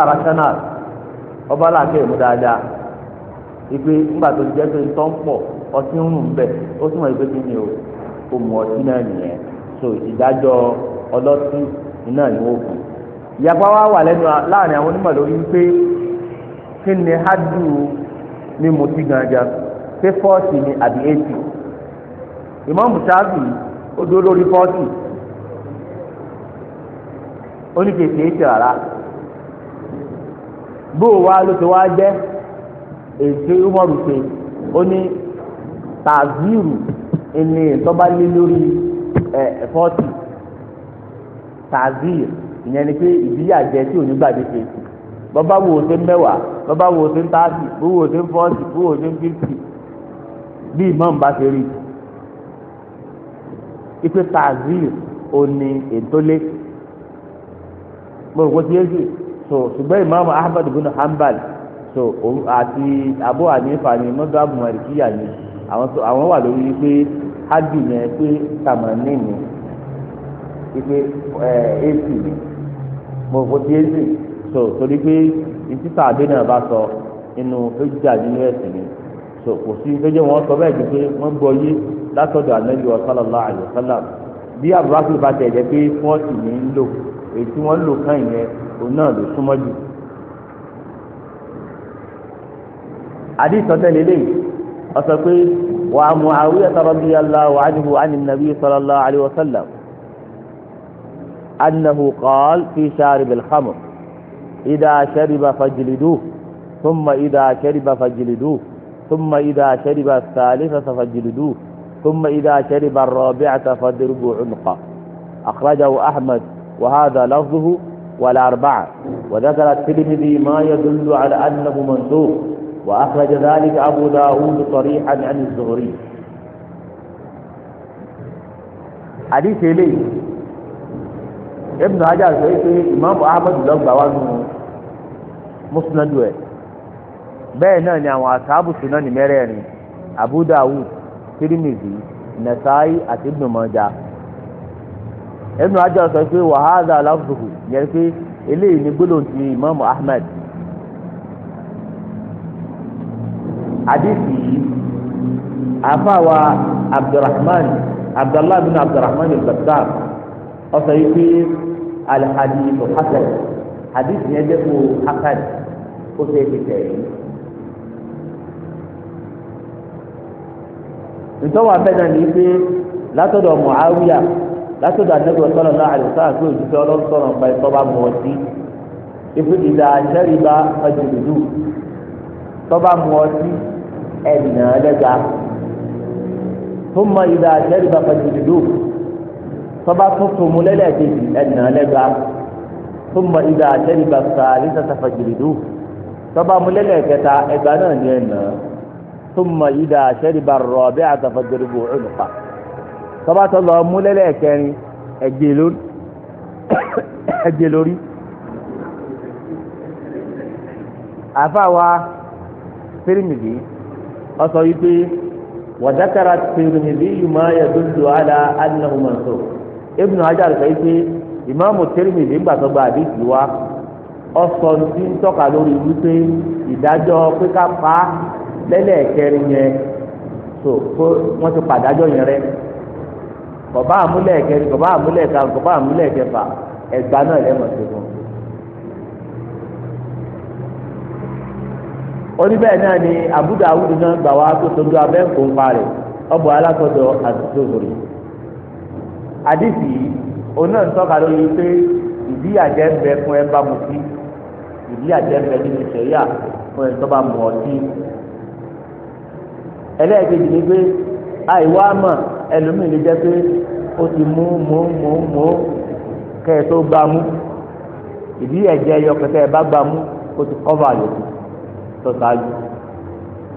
S1: ọba làákẹ́ ìmú dáadáa ìpè ńgbà tó jẹ́ pé tọ́ o òmù ọtí náà nìyẹn so ọlọ́tí iná ni wọ́n ìyapa wa wà lẹ́nu láàrin àwọn onímọ̀ lórí wípé kí ni hádù mímu sí gangan ṣé fọ́ọ̀tì ni àbí éètì ìmọ̀ọ́mù sáàbì ó dúró lórí fọ́ọ̀tì ó ní rárá wá ló ti wá jẹ́ èsì tààzìr ìyẹn ni pé ìdíyàjẹ tí òní gbàdé ṣe bọ́bá wo ṣe ń mẹ́wàá bọ́bá wo ṣe ń táàtì bó wo ṣe ń fọ́ọ̀tì bó wo ṣe ń fífì bí ìmọ̀n bá ṣe rí i ipe tààzìr òní ètòlé gbogbo tí yéésù so ṣùgbọ́n ìmọ̀ọ́mù ahmed bin hanbal so àti abu hanifa ni mọ́tò abu marikiya ni àwọn wà lórí pé hajj yẹn pé tamanin ni ipe ẹ ac mo fò ti ac so torí pé ìtítà àdéhùn náà bá sọ nínú ejúdà nínú ẹ̀sìn ni so kò sí ìfẹjẹ wọn sọ bẹ́ẹ̀ ju pé wọn gbọ́ yé látọ̀dọ̀ anabi wa sallallahu alayhi wa sallam bí abubakar bá tẹ̀ pé fọ́ọ̀tì ní ń lò èyí tí wọ́n lò kàn yẹn òun náà ló súnmọ́ jù. àdìsọ́tẹ̀ lélẹ́yìn ọ̀sọ̀ pé wàá Muawiyah radiyallahu anhu anin nabi sallallahu alayhi wa sallam. أنه قال في شارب الخمر إذا شرب فاجلدوه ثم إذا شرب فاجلدوه ثم إذا شرب الثالثة فاجلدوه ثم إذا شرب الرابعة فاضربوا عنقه أخرجه أحمد وهذا لفظه والأربعة وذكر الترمذي ما يدل على أنه منسوخ وأخرج ذلك أبو داود صريحا عن الزهري حديث إليه Ibn Hajar sọ pé ìmáàmù Ahmad lọ́gbà wà nù musnadu ẹ̀ bẹ́ẹ̀ náà ni àwọn asaabu sunan ní mẹ́rẹ̀ẹ̀rin Abu Dawud Tirmidhi Nasa'i àti Ibn Majah Ibn Hajar sọ pé wa hadha lafzuhu yẹn pé eléyìí ni gbólóhùn ti ìmáàmù Ahmad àdìsí yìí àfàwà Abdulrahman Abdullah bin Abdulrahman al-Battar ọ̀sẹ̀ yìí alihadiso hasan hadisi yẹn jẹ́ kó hasan kó tó ebi tẹ̀lé. ntọ́wọ́ abẹ́nà ní pé látọ̀dọ̀ muawiya látọ̀dọ̀ anabi sọ̀rọ̀ náà àlùsá àti òjijì ọlọ́sọ̀rọ̀ nípa ìtọ́ba mọ̀ọ́tì ibi ìdá àṣẹ́rìbá ọ̀jọ̀dùdù tọ́ba mọ̀ọ́tì ẹ̀dìnà ẹlẹ́gà tó mọ ìdá àṣẹ́rìbá ọ̀jọ̀dùdù tọ́ba tuntun mu lẹ́lẹ́kejì ẹ̀nà lẹ́gba tó mọ ibà àtẹ́lẹ́gba sàárì sàtàfà jìrìdù tọ́ba mu lẹ́lẹ́kẹta ẹ̀gbá náà ní ẹ̀nà tó mọ ibà àtẹ́lẹ́gba rọ̀bẹ́ àtàfà jìrìdù ọ̀nùfà tọ́ba tó lọ mu lẹ́lẹ́kẹrin ẹ̀jẹ̀ lórí àfàwà Tirmidhi ọ̀sọ̀ yìí pé wàdákàrà Tirmidhi yìí máa yẹ dúdú àlà àdínàwó mọ̀ọ́sọ̀. ibnu Hajar sọ pé ìmáàmù Tirmidhi nígbà tó àdìsí wa ọsọ ti ń tọ́ka lórí wípé ìdájọ́ pípa pa lẹ́lẹ́ẹ̀kẹrin yẹn tó kó wọ́n ti pàdájọ́ yẹn rẹ́ kọ̀bá àmúlẹ̀ẹ̀kẹrin kọ̀bá àmúlẹ̀ẹ̀kan kọ̀bá àmúlẹ̀ẹ̀kẹfà ẹ̀gbá náà lẹ́mọ̀ tó fún un. oníbẹ̀ náà ni Abu Dawud náà gbà wá tó tó do ń àti tó àdìsí yìí òun náà ń tọ́ka lórí pé ìdíyàjẹ́ ń bẹ fún ẹ bá mu sí ìdíyàjẹ́ ń bẹ nínú ìṣẹ̀yà fún ẹ tó bá mu ọtí. ẹlẹ́ẹ̀kejì ni pé àìwá mọ̀ ẹlòmíì lè jẹ́ pé ó ti mú mú mú mú kẹ́ ẹ tó gbá mú ìdíyàjẹ́ ẹyọ kẹtẹ́ ẹ bá gbá mú ó ti kọ́fà yòókù tó ṣáájú.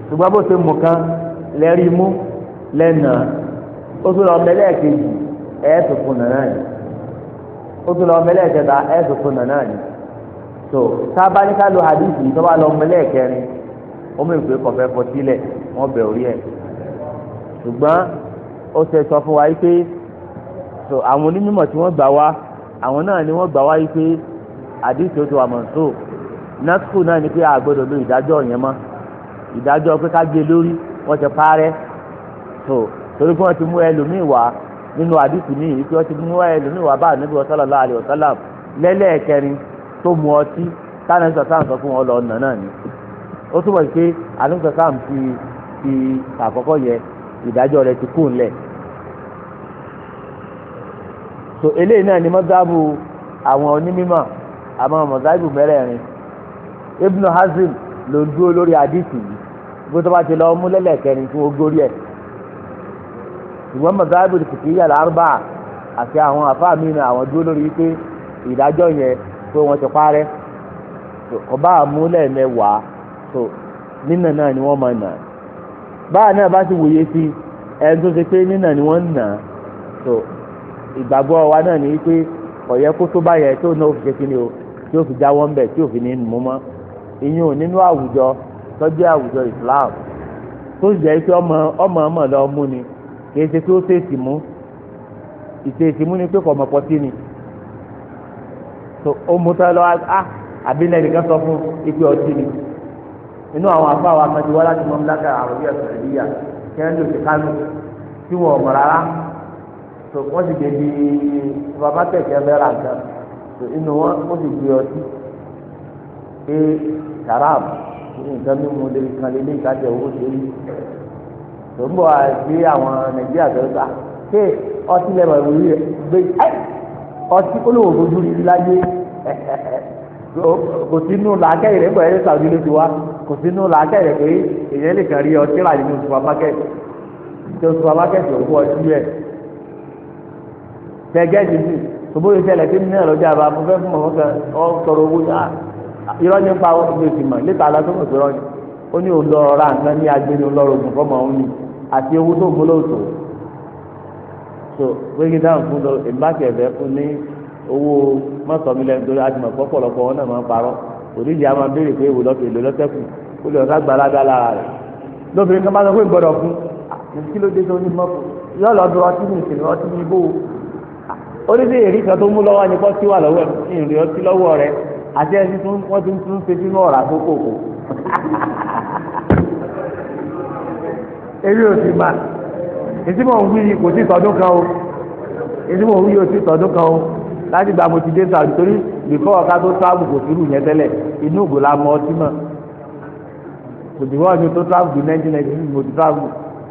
S1: ṣùgbọ́n bó ṣe mú kan lẹ́rí mú lẹ́nà ó tún lọ ọmọ ẹlẹ́ẹ̀kejì ẹ̀ẹ́dùn fún nànà ni ó tún lọ mẹlẹ́ nànà ni tó sábà lo hadithi tó bá lọ mẹlẹ́ kẹrin ó mú ìpè kọfẹ́ fọtílẹ̀ wọ́n bẹ̀ orí ẹ̀ ṣùgbọ́n ó ṣe sọ fún wa yìí pé tó àwọn onímọ̀ tí wọ́n gbà wá àwọn náà ni wọ́n gbà wá yìí pé hadithi ó ti wà mọ̀ tó násìkò náà ni pé a lo ìdájọ́ yẹn mọ́ ìdájọ́ pé ká gbé lórí wọ́n ti parẹ́ tó torí pé wọ́n ti mú ẹlòmíì wá nínú àdìsí ní ìpè ọtí mú ẹlòmíì wà bá ànábì sallallahu alaihi wasallam lẹ́lẹ́ẹ̀kẹrin tó mu ọtí táwọn ẹni sọ̀tàn sọ fún wọn lọ ọ̀nà náà ni ó túbọ̀ pé ànábì sọ̀tàn fi fi àkọ́kọ́ yẹ ìdájọ́ rẹ ti kú ńlẹ̀ so eléyìí náà ni mọ́sáàbù àwọn onímọ̀ àmọ́ mọ́sáàbù mẹ́rẹ̀ẹ̀rin Ibn Hazm ló dúró lórí àdìsí yìí gbọ́dọ̀ bá ti lọ mú lẹ́lẹ́ẹ̀kẹrin fún ogórí ẹ̀ ìwọ́n mọ̀gáàbù fìkìyà lárúbà àti àwọn àfáàmì náà àwọn dúró lórí pé ìdájọ́ yẹn pé wọ́n ti parẹ́ ọba àmúlẹ̀ mẹ́wàá tó nínà náà ni wọ́n máa nà báà náà bá ti wòye sí ẹni tó ṣe pé nínà ni wọ́n nà tó ìgbàgbọ́ wa náà ni pé ọ̀yẹ́ kó tó bá yẹ tó náà fi ṣe kí ni o tí ó fi jáwọ́ ń bẹ̀ tí ò fi ní mú mọ́ ìyẹn ò nínú àwùjọ tọ́jú àwùjọ Islam tó sì jẹ́ pé ọmọ ọmọ ọmọ lọ mú ni kì í ṣe pé ó ṣèṣì mú ìṣèṣì mú ni pé kò mọ̀pọ̀ sí ni so ó mú tán lọ á ah, ah, àbílẹ̀ nìkan sọ fún ipe ọtí ni inú àwọn afọ àwọn akẹ́kọ̀ọ́ wá láti mọ́míláka àròbí ẹ̀sìn ìdíyà kẹ́hìn ló ti kánú tí wọ́n mọ̀ rárá so wọ́n sì débi bàbá kẹ̀kẹ́ fẹ́ ra nǹkan so inú wọn ó sì gbé ọtí pé sàràb nǹkan mímu lè kàn lé ní ìkájẹ owó tó yí tó ń bọ̀ àti àwọn nàìjíríà tó ń gbà ṣé ọtí lẹ́mọ̀ ìwúrí rẹ̀ gbé ẹ́ ọtí olówó fojú rí láyé kò sínú làákẹ́ rẹ̀ ń bọ̀ ẹ́ sàwọn ilé ti wá kò sínú làákẹ́ rẹ̀ pé èèyàn lè kàn rí ọtí rà nínú supamakẹ́tì tó supamakẹ́tì òkú ọtí rẹ̀ tẹ̀gẹ́ jìbì ṣùgbọ́n ìṣẹ̀lẹ̀ tí nínú ẹ̀rọ jábá mo fẹ́ fún ọmọ kan ọ sọ̀rọ̀ owó yá ah, irọ́ nípa ọ̀gbìn ìsìnmọ̀ níta alágbèmọ̀ ìṣòro ni ó ní òun lọ nǹkan ní agbẹ́ni olórogùn fọmọ òun ni àti owó tó gbólóòtò so breaking down fún lọ ìbáàkì ẹ̀fẹ́ fún ní owó mọ́sọ̀mílẹ̀ nítorí àtìmọ̀ pọ́pọ̀lọpọ̀ wọn náà máa ń parọ́ òdíje a máa béèrè pé èwo lọ́kẹ́ èlò lọ́sẹ̀kù ó lè ọ̀sán gbalaga lára rẹ̀ lóbìnrin kan bá sọ pé gbọ́dọ̀ fún kí ló dé tó ní mọ́kù yọ lọ dúró ọtí ní ìsìn ọtí ní ibò oríṣi èrí kan tó mú lọ́wọ́ ni kọ́ tí wà lọ́wọ́ ìrìn ọtí lọ́wọ́ rẹ̀ àti ẹni tí wọ́n ti ń tún sínú ọ̀rá tó èmi ò sì mà ètí mò ń wí kò sí tọdún kan o ètí mò ń wí kò sí tọdún kan o láti gba mo ti dé Saudi torí bìkọ́ ọ̀ká tó tábù kò sírù yẹn tẹ́lẹ̀ inú ògbò la mọ ọtí mọ̀ kò sí wọ́n mi tó tábù ní nineteen ninety six mo ti tábù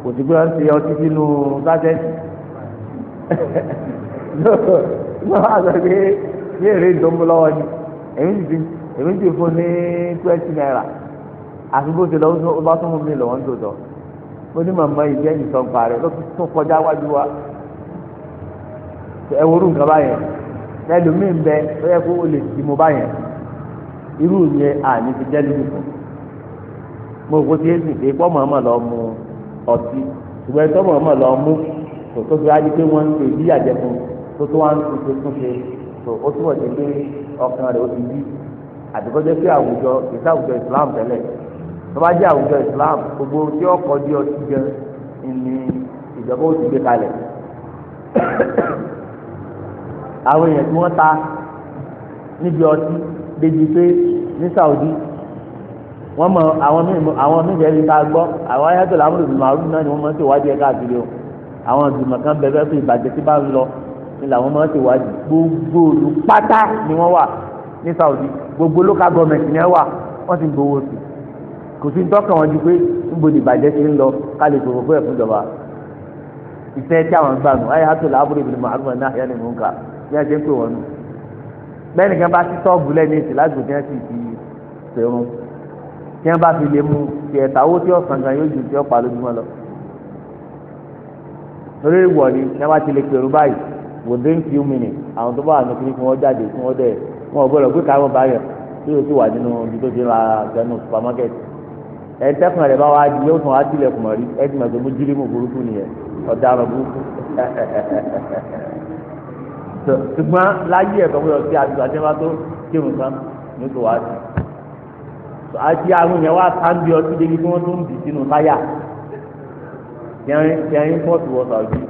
S1: kò sí pé wọ́n ti ọtí sínú sátẹ́tì lọ́wọ́ àgbà pé ní èrè ìdánwò lọ́wọ́ ni èmi ti fún ní twenty naira àfi bó ṣe lọ́wọ́ bá tún mú mi lọ́wọ́ ń tò tọ́. mo ní màmá yìí jẹ́ ìsọ̀ gbà rẹ̀ ló tún kọjá wájú wa ẹ wo nǹkan báyẹn ẹlòmíín bẹ ó yẹ kó o lè mo báyẹn irú yẹn àní ti jẹ́ lórí fún mo kò tiẹ̀ sì lọ ọtí ṣùgbọ́n lọ mú tó fi pé wọ́n ń tó tó wá ń tún ṣe tó ó túbọ̀ ṣe pé ọkàn rẹ̀ tọ́ba jẹ́ àwùjọ islam gbogbo tí ó kọ́ di ọtí jẹ ní ìjọba ó ti gbé kalẹ̀ àwọn èèyàn tí wọ́n ta níbi ọtí débi pé ní Saudi wọ́n mọ àwọn mímu àwọn mímu ẹni tá a gbọ́ àwọn ayatollah amúlò bìmọ̀ àrùn náà ni wọ́n mọ̀ sí ìwádìí ẹ̀ káàkiri o àwọn ìgbìmọ̀ kan bẹ̀rẹ̀ fún ìbàjẹ́ tí bá ń lọ ni làwọn mọ̀ sí ìwádìí gbogbo olùpátá ni wọ́n wà ní Saudi gbogbo local government ni wọ́n wà wọ́n ti gbowó sí i kò sí ntọ́ka wọn ju pé níbo ni ìbàjẹ́ ti ń lọ ká lè tòrò fún ẹ̀fún ìjọba ìfẹ́ tí àwọn gbà nù ayé hàtò làbúrò ìbìlẹ̀ màálùmọ̀ náà yẹn ni mò ń kà bí wọ́n ṣe ń pè wọ́n nù bẹ́ẹ̀ nìkan bá ti tọ́ọ̀bù lẹ́ni èsì lásìkò tí wọ́n sì fi fẹ́ràn tí wọ́n bá fi lè mú ti ẹ̀ta owó tí ọ̀sán gan yóò ju ti ọ̀pá lójúmọ́ lọ. torí ìwọ ni tí wọ́n bá ti lè pèrú báyìí within few minutes àwọn tó bá supermarket ẹ̀ńtẹ́kùn rẹ̀ bá wá di yóò tún wá tilẹ̀kùn mọ̀rí ẹ̀dì mọ̀ tó mú jírímù burúkú nìyẹn ọ̀daràn burúkú ṣùgbọ́n láyé ẹ̀kọ́ pé ọtí àdúrà tí wọ́n tó kírun tán ní kò wá sí àti àwọn èèyàn wá sáńbí ọtí débi tí wọ́n tó ń bì sínú táyà kẹrin pọ́ọ̀tù wọ sàwùjí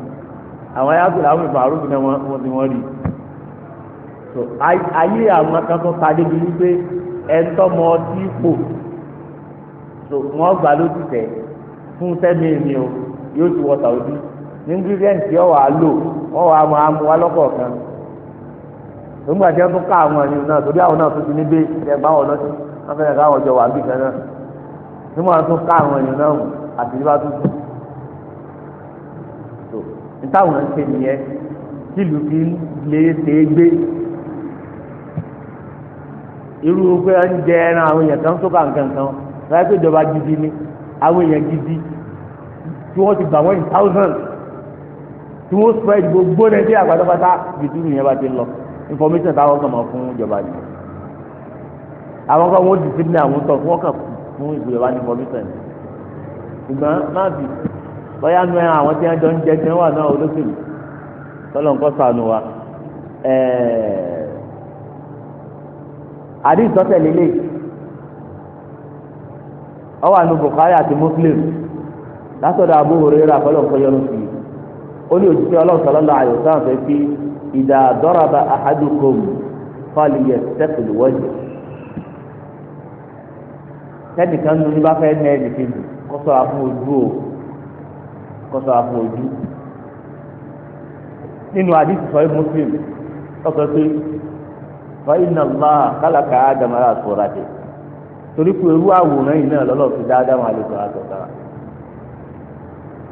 S1: àwọn ayáàtò làwọn ìfàrúkú náà wọ́n ti wọ́n rí ayé àwọn akẹ́kọ̀ọ́ kadé bi wípé ẹ̀ńtọ́mọ ọtí pò so wọn gbà lójú tẹ fún sẹmi mi o yóò ti wọ sàwùdí ní ingredient yọ wà á lò wọn wà á mọ amú wa lọ́kọ̀ọ̀kan nígbà tí wọn tún ká àwọn ẹni náà torí àwọn náà tún ti ní bẹ ẹ bá wọn lọtí wọn fẹẹ ká àwọn ọjọ́ wà bí kan náà nígbà wọn tún ká àwọn ẹni náà àti ìbá tún so nítawọn ń ṣe nìyẹn tí ìlú fi lè ṣe é gbé irú pé ń jẹ ẹran àwọn èèyàn kan tó kà ń kankan láti pé ìjọba gidi ni àwọn èèyàn gidi tí wọ́n ti gbà wọ́n in thousand tí wọ́n spread gbogbo nàìjíríà pátápátá gidi nìyẹn bá ti lọ information táwọn kàn máa fún ìjọba ni àwọn kan wọ́n discipline àwọn tọ̀ fún ọkàn fún ìjọba ní information ṣùgbọ́n má bì bóyá nu àwọn tí wọ́n jọ ń jẹ tí wọ́n wà náà olóṣèlú tọ́lọ̀ nǹkan sànù wa ẹ̀ẹ́ àdìsọ́tẹ̀ lélẹ́yìí ọwọ àánú Bukhari àti Muslim látọ̀dọ̀ Abu Hurairah àbọlọ nkọyọnu sí ó ní òjijì Ọlọ́run sọlọlọ àyọsán fẹẹ fi ìdá dọrọba ahadukum fọlìyẹ sẹpìlì wọjì tẹnìkan nínú ní bá fẹẹ nẹ ẹnìkejì kọsọra fún ojú o kọsọra fún ojú nínú àdìsí sọ Muslim ọsọ pé fa inna Allah khalaqa Adama ala torí pé irú àwòrán yìí náà lọ́lọ́ fi dáadáa wọn àlejò àtọ̀tà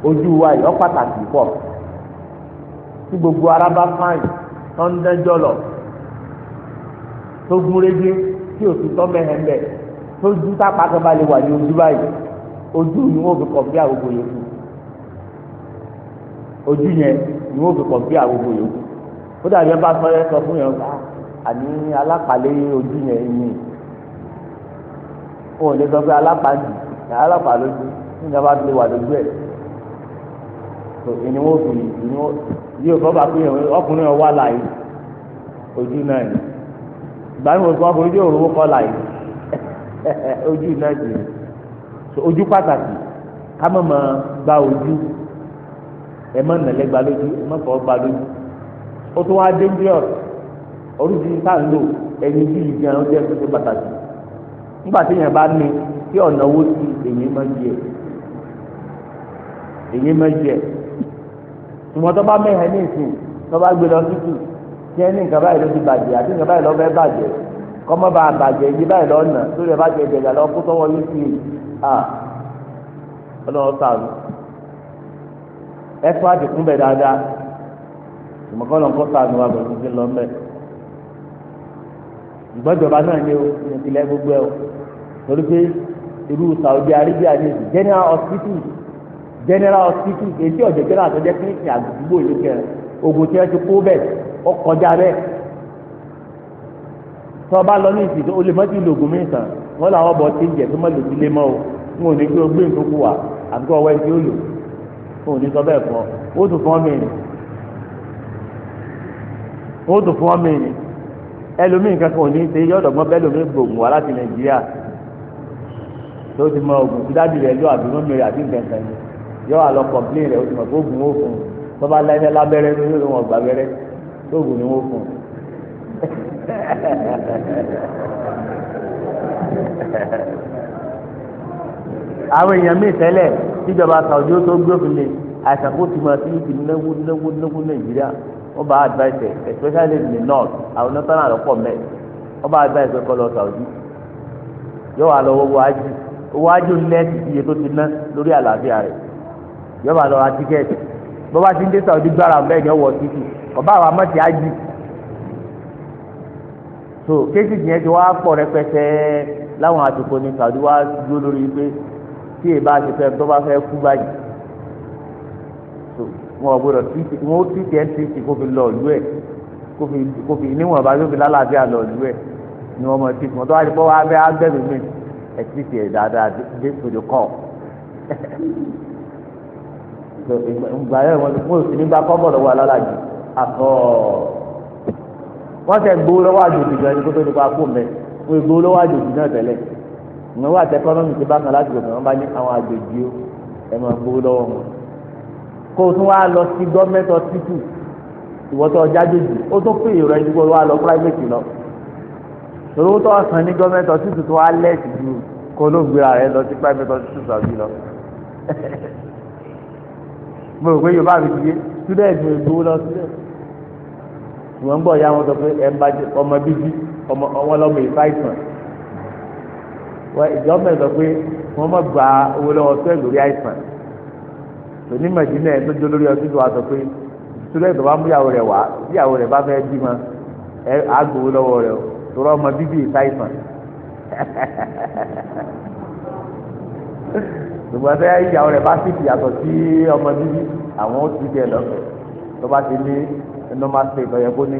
S1: ojú wa yìí ó pàtàkì pọ̀ tí gbogbo ara bá fáìn tó ń dẹ́jọ́ lọ tó gún régé tí òtún tọ́ mẹ́hẹ̀ẹ́mẹ́ tó dú tápá kan bá lè wà ní ojú báyìí ojú ni wọ́n fi kọ̀ bí àwògbò yòókù ojú yẹn ni wọ́n fi kọ̀ bí àwògbò yòókù ó dàbí ẹ bá sọ yẹn sọ fún yẹn ah, àní alápàlẹ́ ojú yẹn yìí o lè sọ pé alápàdé alápàdé lójú nígbà bá lè wà lójú ẹ̀ tó ìní wọn fi ìní wọn bí o bá pé ọkùnrin ọ̀ wá láàyè ojú náà ni ìgbàanì wọn sọ ọkùnrin yóò rówó kọ́ láàyè ojú náà jì ojú pàtàkì ká gba ojú ẹ mọ̀ nàlẹ́ gba lójú ẹ mọ̀ fọ́ gba lójú ó tún wá dangerous oríṣiríṣi tá à ń lò ẹni bí ìgbà ó jẹ́ pípé pàtàkì. nígbà tí èèyàn bá ní tí ọ̀nà owó sí èyí máa jẹ èyí máa jẹ ìwọ̀n tó bá mẹ́hẹ̀ ní ìsìn tó bá gbé lọ ẹni nǹkan báyìí ló ti àti nǹkan báyìí ló fẹ́ bàjẹ́ kọ́mọ́ bá bàjẹ́ báyìí ẹ̀ lọ kó sí ọlọ́run ẹ àdìkún bẹ̀ dáadáa wa bẹ̀rù ti lọ ìgbọ́jọba náà ni o ìpìlẹ̀ gbogbo ẹ̀ o torí pé irú Saudi Arabia general hospital general hospital èyí ọ̀jẹ̀ general àtọ́jẹ́ kírísì àdúgbò yìí ogun tí wọ́n ti kó bẹ́ẹ̀ ó kọjá bẹ́ẹ̀ bá lọ ní ìsìn o lè mọ́ ti lo oògùn wọ́n làwọn bọ̀ ti ń jẹ́ tó mọ́ lòdì mọ́ o ò ní kí o gbé nǹkan kú wa ọwọ́ ó ẹlòmíì kankan ò ní ṣe yọ̀dọ̀gbọ́n bẹ́lòmíì gbòògùn wá láti nàìjíríà tó ti mọ oògùn tí dájú rẹ̀ lọ àbí mọ́mí rẹ̀ àbí nǹkan yọ àlọ́ kọ̀m̀plín rẹ̀ ó ti mọ̀ pé oògùn ó fún un tó bá láyé lábẹ́rẹ́ ló ló wọn gbà bẹ́rẹ́ oògùn ni wọ́n fún un. àwọn èèyàn míì tẹ́lẹ̀ tíjọba Saudi tó gbófin lè àìsàn kó ti mọ̀ sí ìdí náwó náwó náwó nàìjíríà wọ́n advice especially in the north àwọn northern àlọ́pọ̀ mẹ́ wọ́n bá advice pé kó lọ Saudi yóò wá lọ owó ajú owó ajú nẹ́ẹ̀tì iye tó ti ná lórí àlàáfíà rẹ̀ yóò wá lọ ra tíkẹ́ẹ̀tì bó bá ti ń dé Saudi gbára bẹ́ẹ̀ ni ó wọ títì ọba àwọn amọ̀tí ajú so kéjì yẹn ti wá pọ̀ rẹpẹtẹ láwọn àtòkò ní Saudi wá dúró lórí pé tí èèbá ti fẹ́ tó bá fẹ́ kú báyìí wọn ò gbọdọ̀ tí wọn ó tí tiẹ̀ ń tí tí kó fi lọ ìlú ẹ̀ kó fi níwọ̀n bá yóò fi lálàáfíà lọ ìlú ẹ̀ ni wọn mọ̀ tí wọn tó wá ti pọ́ wá bẹ́ agbẹ́bí mi ẹ̀ tí tiẹ̀ dáadáa dé tòjò kọ́ ìgbà yẹn wọn kó sì nígbà kọ́ bọ̀ lọ́wọ́ alálàjì àtọ̀ wọ́n tẹ̀ gbowó lọ́wọ́ àjòjì gan ni kó tó nípa kó mẹ́ wọ́n gbowó lọ́wọ́ àjòjì náà tẹ́lẹ̀ ìnáwó àtẹ́kọ́nọ́mì ti bá kan láti gbọ̀ngàn wọn bá ní àwọn àjòjì ó máa gbowó lọ́wọ́ wọn kó o tún wá lọ sí gọ́ọ̀mẹ́ntì ọ̀sítù ìwọ́tọ̀ ọ̀jájòjì ó tó pè ìrọ̀ ẹni gbọ́dọ̀ wá lọ private lọ torí ó tọ́ ọ̀sán ní gọ́ọ̀mẹ́ntì ọ̀sítù tó wá lẹ́ẹ̀sì ju kó o ló gbéra rẹ lọ sí private ọ̀sítù sàbí lọ. mo rò pé yorùbá mi ti yé student mi gbowó lọ student ìwọ̀n ń bọ̀ ya wọn sọ pé ẹ̀ ń bá ọmọ bíbí ọmọ ọlọ́mọ ìfáìsàn ìjọba ẹ̀ sọ pé wọ́n mọ̀ gba owó lọ́wọ́ fẹ́ẹ̀ tòní mẹ̀dínà ẹ̀ tó jó lórí ọtí tó wà sọ pé sùdẹ́ẹ̀tì wa mú ìyàwó rẹ̀ wá ìyàwó rẹ̀ bá fẹ́ bímọ ẹ àgbòwó lọ́wọ́ rẹ̀ o tòrọ ọmọ bíbí ìsáìsàn ṣùgbọ́n tẹ́ ìyàwó rẹ̀ bá sì fi yàtọ̀ sí ọmọ bíbí àwọn ó ti jẹ lọ́fẹ̀ẹ́ tó bá ti ní normal state ọ̀yẹ́ kó ní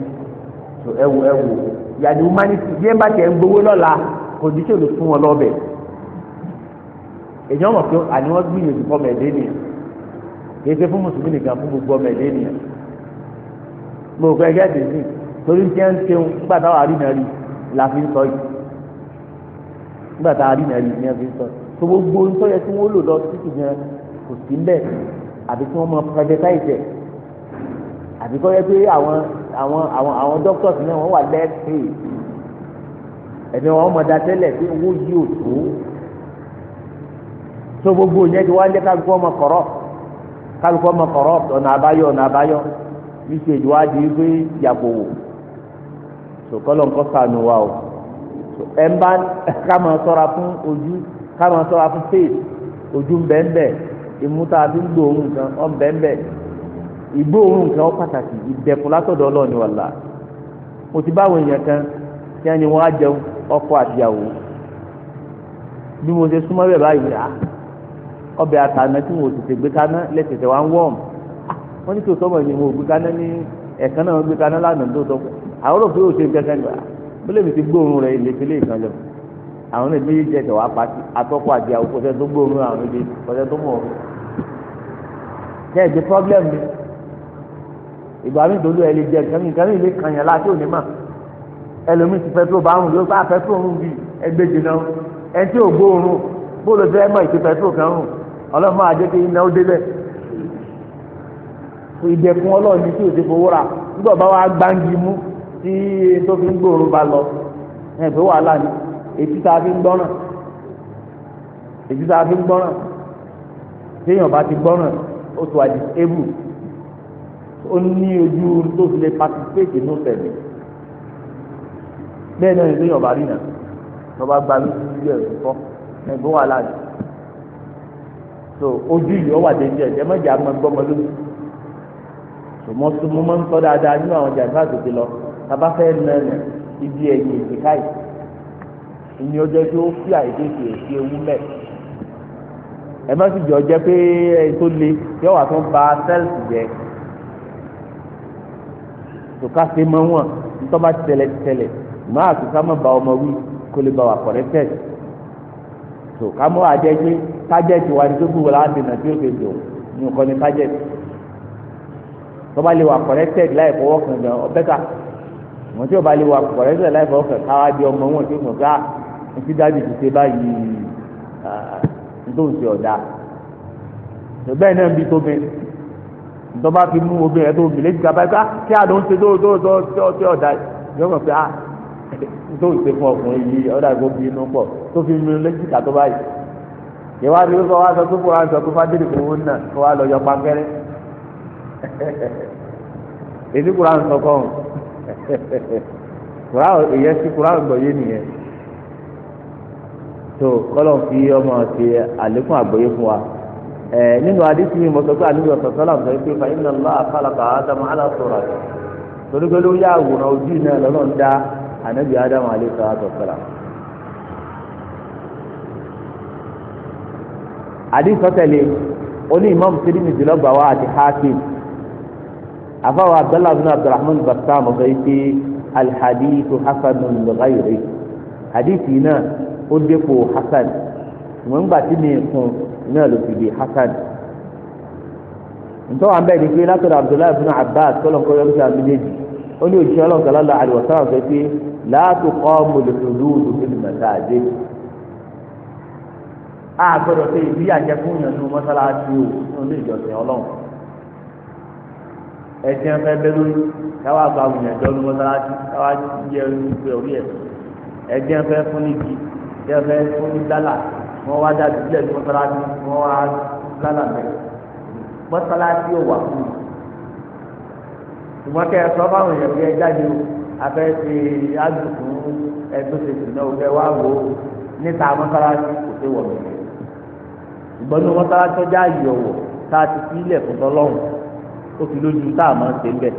S1: tó ẹwù ẹwù yàtọ̀ humanity bí ẹ bá tiẹ̀ ń gbowó lọ́la kò ní kí olùfún wọn lọ́bẹ̀ èèyàn mọ̀ pé àníwọ̀n gbìyànjú kọ́ mẹ́ẹ̀ẹ́dẹ́ nìyẹn kì í ṣe fún mùsùlùmí nìkan fún gbogbo ọmọ ẹ̀dẹ́ nìyẹn gbogbo ẹgbẹ́ dèjì torí ń tiẹ́ ń ṣeun nígbà táwọn àrínàrí la fi ń sọ yìí nígbà táwọn àrínàrí ni wọ́n fi ń sọ yìí tó gbogbo ń tọ́yẹ tí wọ́n lò lọ títì yẹn kò sí ń bẹ̀ àbí tí wọ́n mọ privatize ẹ̀ àbí kọ́ yẹ pé àwọn àwọn àwọn àwọn doctors náà wọ́n wà lẹ́ẹ̀kẹ́ ẹ̀mí wọn mọ̀ datẹ́lẹ̀ pé owó yìí ò tó tó gbogbo yẹn ti wá ń dẹ́ka gbọ́ ọmọ kọ̀rọ̀ kálukọ́ mọ corrupt ọ̀nà àbáyọ ọ̀nà àbáyọ wíṣọ ìdíwájú wípé yàgò wò sòkòlò ńkọ́ sànù wa o ẹ̀ ń bá kámọ̀ sọ́ra fún ojú kámọ̀ sọ́ra fún face ojú ń bẹ́ẹ̀ bẹ́ẹ̀ ìmúta àti gbòòrùn nǹkan ọ̀ ń bẹ́ẹ̀ bẹ́ẹ̀ ìgbóòórùn nǹkan ọ̀ pàtàkì ìdẹ̀kùn látọ̀dọ̀ ọlọ́ọ̀ni lá mo ti báwọn èèyàn kan kí wọ́n á jẹun ọkọ àtìyàwó bí mo ṣe súnmọ́ bẹ́ẹ̀ báyìí ah, ọbẹ̀ àtàná tí wọn ò tètè gbé kaná lẹ́tẹ̀tẹ̀ wá ń wọ̀ wọ́n ní kí o sọ́mọ̀ ni wọn ò gbé kaná ní ẹ̀kan náà gbé kaná lánàá tó sọ pé àwọn òfin ò ṣe kẹ́kẹ́ nígbà ó lè mi ti gbóòórùn rẹ̀ ilé ìpínlẹ̀ ìkan lọ àwọn èmi yìí jẹ́ tẹ̀wá pati atọ́kọ̀ àti àwọn kọ̀ọ̀tẹ́ tó gbóòórùn àwọn ibi kọ̀ọ̀tẹ́ tó mọ̀ ọ́ kẹ́ẹ̀dé problem ni ìgbà mi dolú ẹ lè jẹ kẹ́mi kẹ́mi lè kàn yẹn láti òní mà ẹlòmíì ti pẹ́tró bá rùn yóò bá pẹ́tró ah, rùn bíi ẹgbẹ́jì náà ẹ tí ò gbóòórùn bóòlù fẹ́ mọ̀ ìpè pẹ́tró kan rùn ọlọ́mọ àjẹkẹ́ iná ó débẹ̀ ìdẹ̀kùn ọlọ́run ní tí ò ti fowó rà nígbà bá wa gbáǹgì mú tí tó fi ń gbòòrò ba lọ ẹ̀ pé wàhálà ni ètí tá a fi ń gbọ́ràn ètí tá a fi ń gbọ́ràn téèyàn bá ti gbọ́ràn ó tó àdì ébù ó ní ojú tó fi lè patisipéètì ní sẹ̀mí bẹ́ẹ̀ náà ni téèyàn bá rí nà lọ́ba gbalú sílẹ̀ ẹ̀rọ fọ́ ẹ̀ pé wàhálà ni so ojú yìí ọwà dédé ẹ jẹmọjà máa ń gbọmọ lójú sọmọsọmọ máa ń tọ́ dáadáa nínú àwọn jàǹfà tètè lọ bàbá fẹ́ nà ẹ̀ ibi ẹ̀yìn ìdíkà yìí ìní ọjọ́ tí ó fi àìdèkè sí ewu mẹ́ ẹ má sì jọ jẹ́ pé ẹni tó le yọ wà tó ba sẹ́ẹ̀sì jẹ tòká ṣe mọ́ wọn nítorí bá tẹ̀lẹ̀ tẹ̀lẹ̀ máa tòká mọ́ ba ọmọ wí kó lè ba wà kọ̀rẹ́tẹ̀sì tó ká mọ́ àjẹgbé tájẹ́tì wa ní tó kú wọlé àti nàìjíríà òkè tó ní nǹkan ní tájẹ́tì tọ́ba lè wà connected láì fọwọ́ kan gan ọ bẹ́tà wọ́n tí ọba lè wà connected láì fọwọ́ kan káwá di ọmọ wọn tí ó mọ̀ ká ah, n ti dájú ti ṣe báyìí ah, n tó ń ṣe ọ̀dà bẹ́ẹ̀ náà ń bi tóbi tọ́ba fi mú obìnrin tó obìnrin léjìká báyìí ká ah, kí àdó ń ṣe tó tó tó tó ọ̀dà yọ̀ọ́ mọ̀ tó ṣe fún ọkùnrin yìí ọ̀dà kó bí inú pọ̀ tó fi mú lẹ́jì kàtó báyìí ìwà ni wọ́n wá sọ pé kó wá sọ pé fádìrì kò wọ́n náà kó wá lọ yọ pankẹ́rẹ́ èdè kura ń sọkọ ọ̀hún kura ìyẹn sí kura ń gbọ̀yé nìyẹn tó kọ́lọ̀ fi ọmọ ti àlékún àgbọ̀yé fún wa nínú adísí mi mo sọ pé àlejò ọ̀sọ̀tọ̀ là ń sọ pé fàyín lọ́wọ́ àkàlà kà á dá máa lọ sọ̀rọ̀ torí anabi adamu alayhi salatu wa salam. àdìsọ́tẹ̀lẹ̀ oní imam sirimi jùlọ gbà wá àti hakim afáwọ abdallah bin abdulrahman basam sọ pé alhadithu hasanun lọ́gáyìrì hadithi náà ó dépò hasan ìwọ̀n gbà tí mi kún náà ló fi di hasan ntọ́wọ́n bẹ́ẹ̀ ni pé látọ̀dọ̀ abdullahi bin abbas kọ́lọ́nkọ́ yọ̀ọ́ bí sàmìlẹ́jì ó ní òjijì ọlọ́run sọlá lọ àdìwọ̀ sára sọ pé láàtò kọ́ mọ̀lẹ́sọ̀lóòdù nínú mẹ́tàdé a gbọ́dọ̀ pé ìbí àjẹ fún yàn ní mọ́sálásí o ní ìjọsìn ọlọ́run ẹ̀sìn ẹ̀fẹ́ bẹ́ẹ̀ lórí káwá gba àwùjọ ní mọ́sálásí káwá yẹ ìgbẹ́ orí ẹ̀ ẹ̀sìn ẹ̀fẹ́ fún níbi ẹ̀fẹ́ fún ní dálà wọ́n wá dá ìbílẹ̀ ní mọ́sálásí wọ́n wá dálà bẹ́ẹ̀ mọ́sálásí ṣùgbọ́n kẹ́ ẹ sọ fáwọn èèyàn bí ẹ jáde o afẹ́ ṣe o wò ó níta mọ́sálásí kò ṣe wọ̀ mí. ṣùgbọ́n ní mọ́sálásí ọjà ìyọ̀wọ̀ tá a ti fi ilẹ̀ fún tọ́lọ́hùn ó fi lójú tá a máa ṣe ń bẹ̀.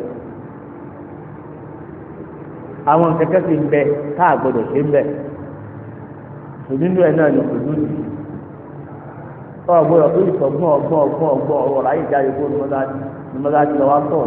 S1: àwọn kẹ̀kẹ́ ti ń bẹ tá a gbọ́dọ̀ ẹ̀ náà ni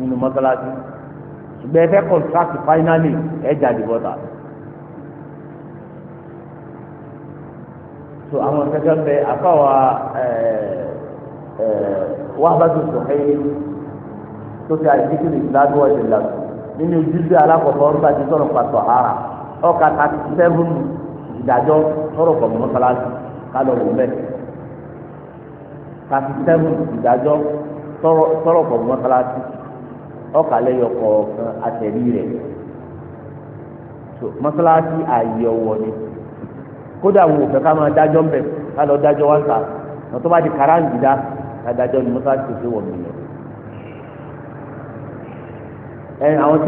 S1: nínú mọ́sálásí ṣùgbọ́n ẹ fẹ́ contract finally ẹ jáde bọ́tà. so àwọn kẹkẹ bẹ afáwa wàhálàtò sọ̀hẹ́yì tó ti àdìsíkìrì ìdádúró ẹ̀dẹ̀ lọ nínú jíjí alákọ̀ọ́kọ́ nígbà tí sọ̀rọ̀ pàtó ara ọkà thirty seven ìdájọ́ sọ̀rọ̀ pọ̀ mọ́sálásí kálọ̀ wò mẹ́ thirty seven ìdájọ́ sọ̀rọ̀ pọ̀ mọ́sálásí. ọkàlẹ̀ yọ kọ̀ọ̀kan àtẹ̀lí rẹ̀ mọ́sálásí ààyè ni kódà wo òfẹ́ ká máa dájọ́ mbẹ̀ ká lọ dájọ́ wá sà tó bá di karangida ká dájọ́ ni mọ́sálásí kò sí wọ mí lọ. ẹ àwọn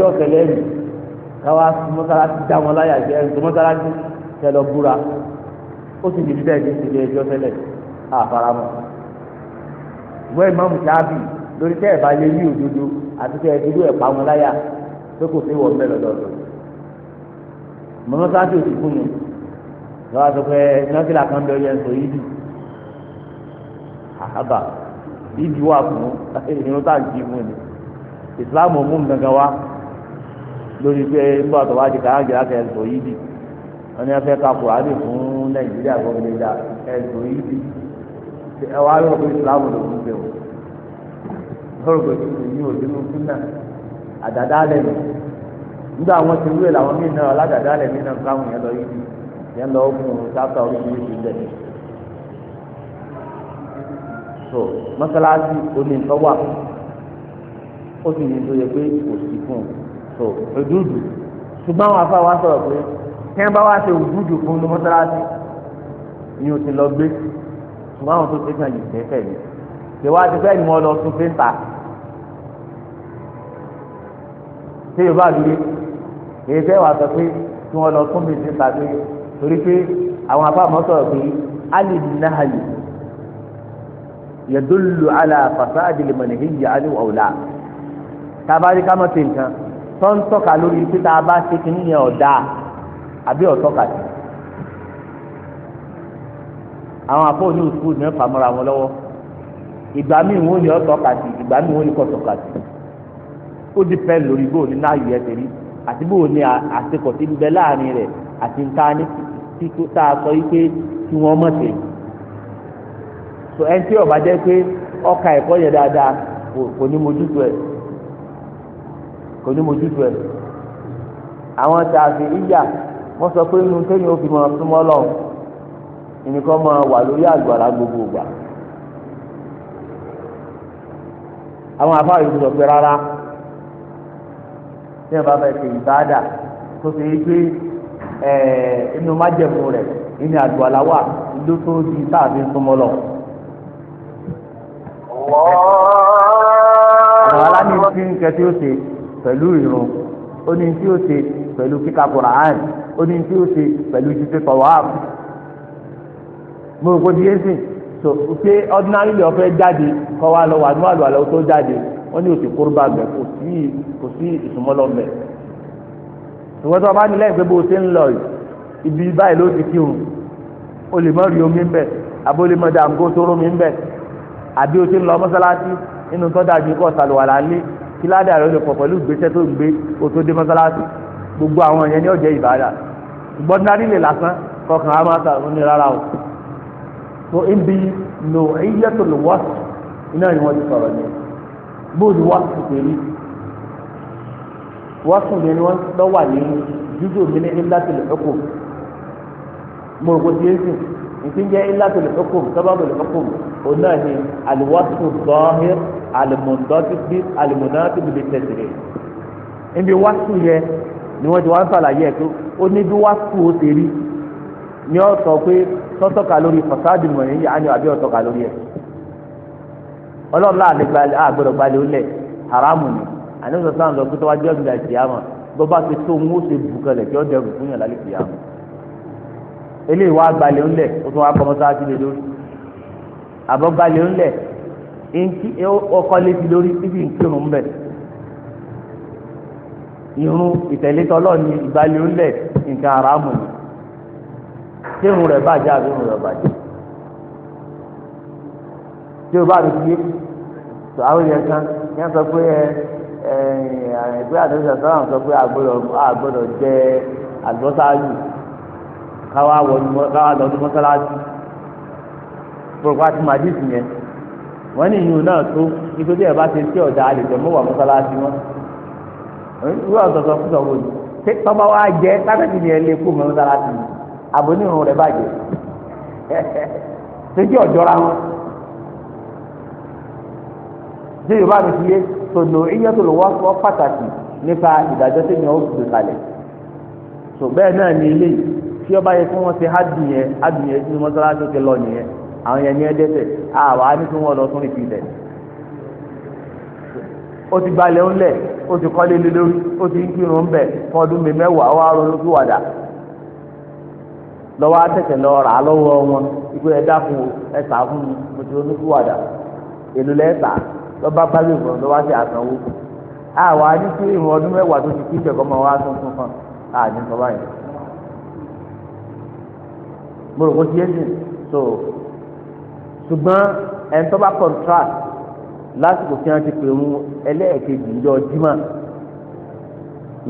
S1: tí dá wọn láyà jẹ́ ẹ̀ tó tẹ lọ búra ó sì di ní àti tẹ ẹdínwó ẹ̀pá wọn láyà pé kò sí wọn bẹ́ẹ̀ lọ́dọọdún mọ́nọ́sáàtì òsì fún mi lọ́wọ́ àti pé nọ́ọ̀kìlà kan bẹ̀rẹ̀ yẹn sọ yídì àhábà yídì wà fún ìrún tá à ń jí fún wá lórí pé nígbà tó wá di káyà jẹ́ àkẹ́ sọ yídì wọ́n ní wọ́n fẹ́ ka fún nàìjíríà gbọ́dọ̀ ẹ̀sọ́ yídì ẹ̀wọ̀n ayọ̀ fún ìsìláàmù lòún bẹ̀rù lọ́rọ̀ pé èyí ò dínú súnà àdàdà alẹ́ mi nígbà àwọn ti wúlò làwọn míì náà aládàdà alẹ́ mi náà káwọn yẹn lọ yíbi yẹn lọ fún un sáfà oríṣiríṣi bẹ́ẹ̀. tó mọ́sálásí omi nǹkan wà ó sì ní tó yẹ pé kò sí fún un tó òdúdù ṣùgbọ́n àwọn afá wa sọ̀rọ̀ pé kí wọ́n bá wá ṣe òdúdù fún un ní mọ́sálásí ni o ti lọ gbé ṣùgbọ́n àwọn tó ṣe kàn yìí tẹ́tẹ́ yìí tèwá ti fẹ́ ni mo lọ sun fínta tí yorùbá dúró èyí fẹ́ wàá sọ pé kí wọ́n lọ sun mi fínta pé torí pé àwọn afáàmọ́ sọ̀rọ̀ pé alì nàhàlì yadullu ala fasadi limani hiyi ali wàhùlà tabali kama ti nkan tó ń tọ́ka lórí pé bá ṣe kí nìyẹn ọ̀dà àbí ọ̀tọ́ka sí àwọn afọ́ òní òkú ní ẹ̀fà mọ́ra wọn lọ́wọ́. ìgbà míì wọn ò ní ọtọ kàtì ìgbà míì wọn ò ní kọtọ kàtì ó di pẹ́ lórí bó ní náà yẹ tẹ̀lé àti bó ní àsekọ̀ tí ń bẹ láàrin rẹ̀ àti ta ní títú tá a sọ wípé kí wọ́n mọ̀ tẹ̀. sọ ẹni tí ọba jẹ́ pé ọkà ẹ̀kọ́ yẹn dáadáa kò ní mojútó ẹ̀ kò ní ẹ̀. àwọn ìyà wọ́n sọ wà lórí àgbàrá gbogbo ìgbà. àwọn afáàyè sọ pé rárá tí wọn bá fẹ́ ṣe ìbáàdà tó ṣe é pé inú májẹ̀mú rẹ̀ ìní àdùàlà wà ló tó di sáàfin súnmọ́ lọ. àwọn aláàní ti ń kẹ́ tí ó ṣe pẹ̀lú ìrun ó ní tí ó ṣe pẹ̀lú kíka Qur'an ó ní tí ó ṣe pẹ̀lú jíjẹ tọ̀wá. mo rò pé yé sìn so pé ordinary lè ọ̀fẹ́ jáde kọ́ wa lọ wà ní wàlúwà lọ́wọ́ tó jáde wọ́n ní òsì kóróbà bẹ̀ kò sí kò sí ìsúnmọ́lọ́ bẹ̀ ṣùgbọ́n tí wọ́n bá ní lẹ́yìn pé bó o ṣe ń lọ ibi báyìí ló ti kírun o lè mọ rí omi ń bẹ̀ o lè mọ dàǹgó sóró mi ń bẹ̀ àbí o ti ń lọ mọ́sálásí nínú tọ́jà ju kọ́ sàlùwàlà lé kí ládàá rẹ̀ lè pọ̀ pẹ̀lú ìgbésẹ̀ tó ń gbé o tó dé mọ́sálásí gbogbo àwọn yẹn ní ọ̀jẹ̀ ìbára ṣùgbọ́n náírà lè lásán kọkàn á máa sàrún ní tó ibi lò iyẹ́tò lò wáṣù iná ni wọ́n ti sọ̀rọ̀ ní bóòlù wáṣù pẹ̀lú wáṣù yẹn ni wọ́n lọ wà ní jújù mi ní iláṣẹ̀ lè ọkọ̀ mo rò pé tí yéé sìn ìpín jẹ́ iláṣẹ̀ lè ọkọ̀ sábàbù lè ọkọ̀ òun náà ni àlùwáṣù zọ́ọ́hìr àlùmọ̀ndọ́tìbí àlùmọ̀ndọ́tìbí lè tẹ̀sílẹ̀ níbi wáṣù yẹn ni wọ́n ti wá ń sàlàyé ẹ̀ tó ó ní bí wáṣù ó ti ni ọ sọ pé tọ́tọ́ka lórí fasadi mọ̀nyí yà á ní ọ̀tọ́ka lórí ẹ̀ ọlọ́run gbalẹ̀ gbalẹ̀ ó lẹ̀ haramu ni àníwòsàn sáà ń lọ pípẹ́ wájú ọ̀gbìn àti ìyá wọn ti tó ń ó ṣe bù kí ó dẹrù fún yàn lálẹ́ ìyá eléyìí wá gbalẹ̀ ńlẹ̀ ó tún wá kọ́mọ́ lórí àbọ̀ gbalẹ̀ haramu ni. sírun rẹ̀ bàjẹ́ àbí irun rẹ̀ bàjẹ́ tí o bá mi fi tó àwọn èèyàn kan yẹn sọ pé ẹ ẹ ẹgbẹ́ àtẹ̀sẹ̀ sọ́wọ́n sọ pé àgbọ̀dọ̀ àgbọ̀dọ̀ jẹ àlùbọ́sáájú káwá lọ ní mọ́sálásí pọ̀pọ̀ àti màdìsì yẹn wọ́n ní ìyún náà tó nítorí ẹ̀ bá ti tí ọ̀dà àlejò mọ́wàá mọ́sálásí wọn wíwọ́n sọ̀tọ̀ fún sọ̀rọ̀ tọ́ba wa jẹ́ tábẹ́tì ni ẹ lè kó mọ́sálásí yìí àbónírun rẹ̀ bàjẹ́ ṣéjì ọ̀jọ́ra wọn ṣé yorùbá mi fi yé tòlò iyẹ́ tòlò wọ́n sọ pàtàkì nípa ìdájọ́ tí yẹn ó gbé kalẹ̀ tó bẹ́ẹ̀ náà ní ilé tí ọba yẹ kí wọ́n ṣe hádùn yẹn hádùn yẹn ní mọ́sálásí ti lọ nìyẹn àwọn yẹn ní ẹ dẹ́ṣẹ̀ àwọn á ní kí wọ́n lọ tún ìpìlẹ̀ ó ti gbalẹ̀ ńlẹ̀ ó ti kọ́lé lórí ó ti ń kírun ń bẹ̀ fún mi mẹ́wàá wá ronú kí wàdà lọ́wọ́ àtẹ̀tẹ̀ lọ rà á lọ́wọ́ wọn ikú ẹ dákun ẹ sà fún mi mo ti ronú kúwàdà èlò lẹ́ẹ̀ta lọ́ba bálẹ̀ ìbọn lọ́wọ́ àti àsanwó àwa ní kí ìwọ̀n ọdún mẹ́wàá tó ti kí ìjọba ọmọ wa tuntun kan àní sọ báyìí mo rò kó tiẹ̀ sìn so ṣùgbọ́n ẹni tó bá contract lásìkò tí wọ́n ti pè mú ẹlẹ́ẹ̀kejì ìjọ jimá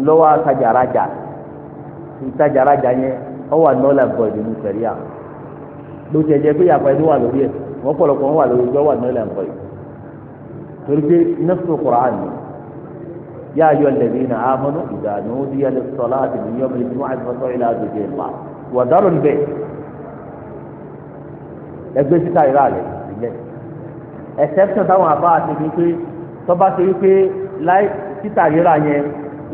S1: lọ́wọ́ àtajàrajà ìtajàrajà yẹn ọwọ́ àdínọ́là void ní sẹ̀ríà ló ti ẹ̀jẹ̀ pé yàtọ̀ ẹni wà lórí ẹ̀ wọ́n pọ̀lọpọ̀ wọn wà lórí ẹjọ́ wà àdínọ́là void torí pé nafsu Qur'an yá ayọ̀ alladhina amanu idha nudiya lis-salati min yawmil jumu'ati fas'u ila dhikrillah wa dharul bay' ẹgbẹ́ síta ìlà rẹ̀ sílẹ̀ exception táwọn àbá àti ibi pé tọ́ba ṣe wípé láì síta ìlà yẹn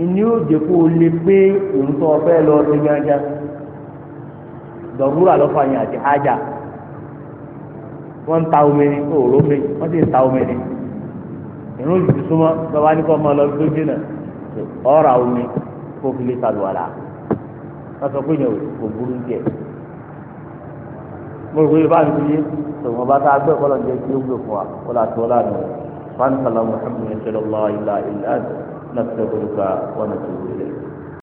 S1: ìní yóò jẹ́ kó o lè pé òun tó ọ lọ sí gángan dọ̀rúrà lọ́fà yẹn àti hájà wọ́n ń ta omi ni òòró mi wọ́n sì ń ta omi ni ìrún ìdí súnmọ́ bàbá ní kọ́ ọmọ lọ tó jìnà ọ̀rà omi kó fi lè sàlùwàlà wọ́n sọ pé yẹn kò burú díẹ̀ mo rò pé yorùbá mi ti yé tòun ọba tá a gbé ọkọ lọ́njẹ́ tí ó gbé fún wa ó là tó ọlá nù fani sàlámù hàmì ẹ̀ṣẹ̀ lọ́wọ́ ilà ilà nàfẹ́ gbọ́dọ̀ ká wọn àti òwúrẹ́.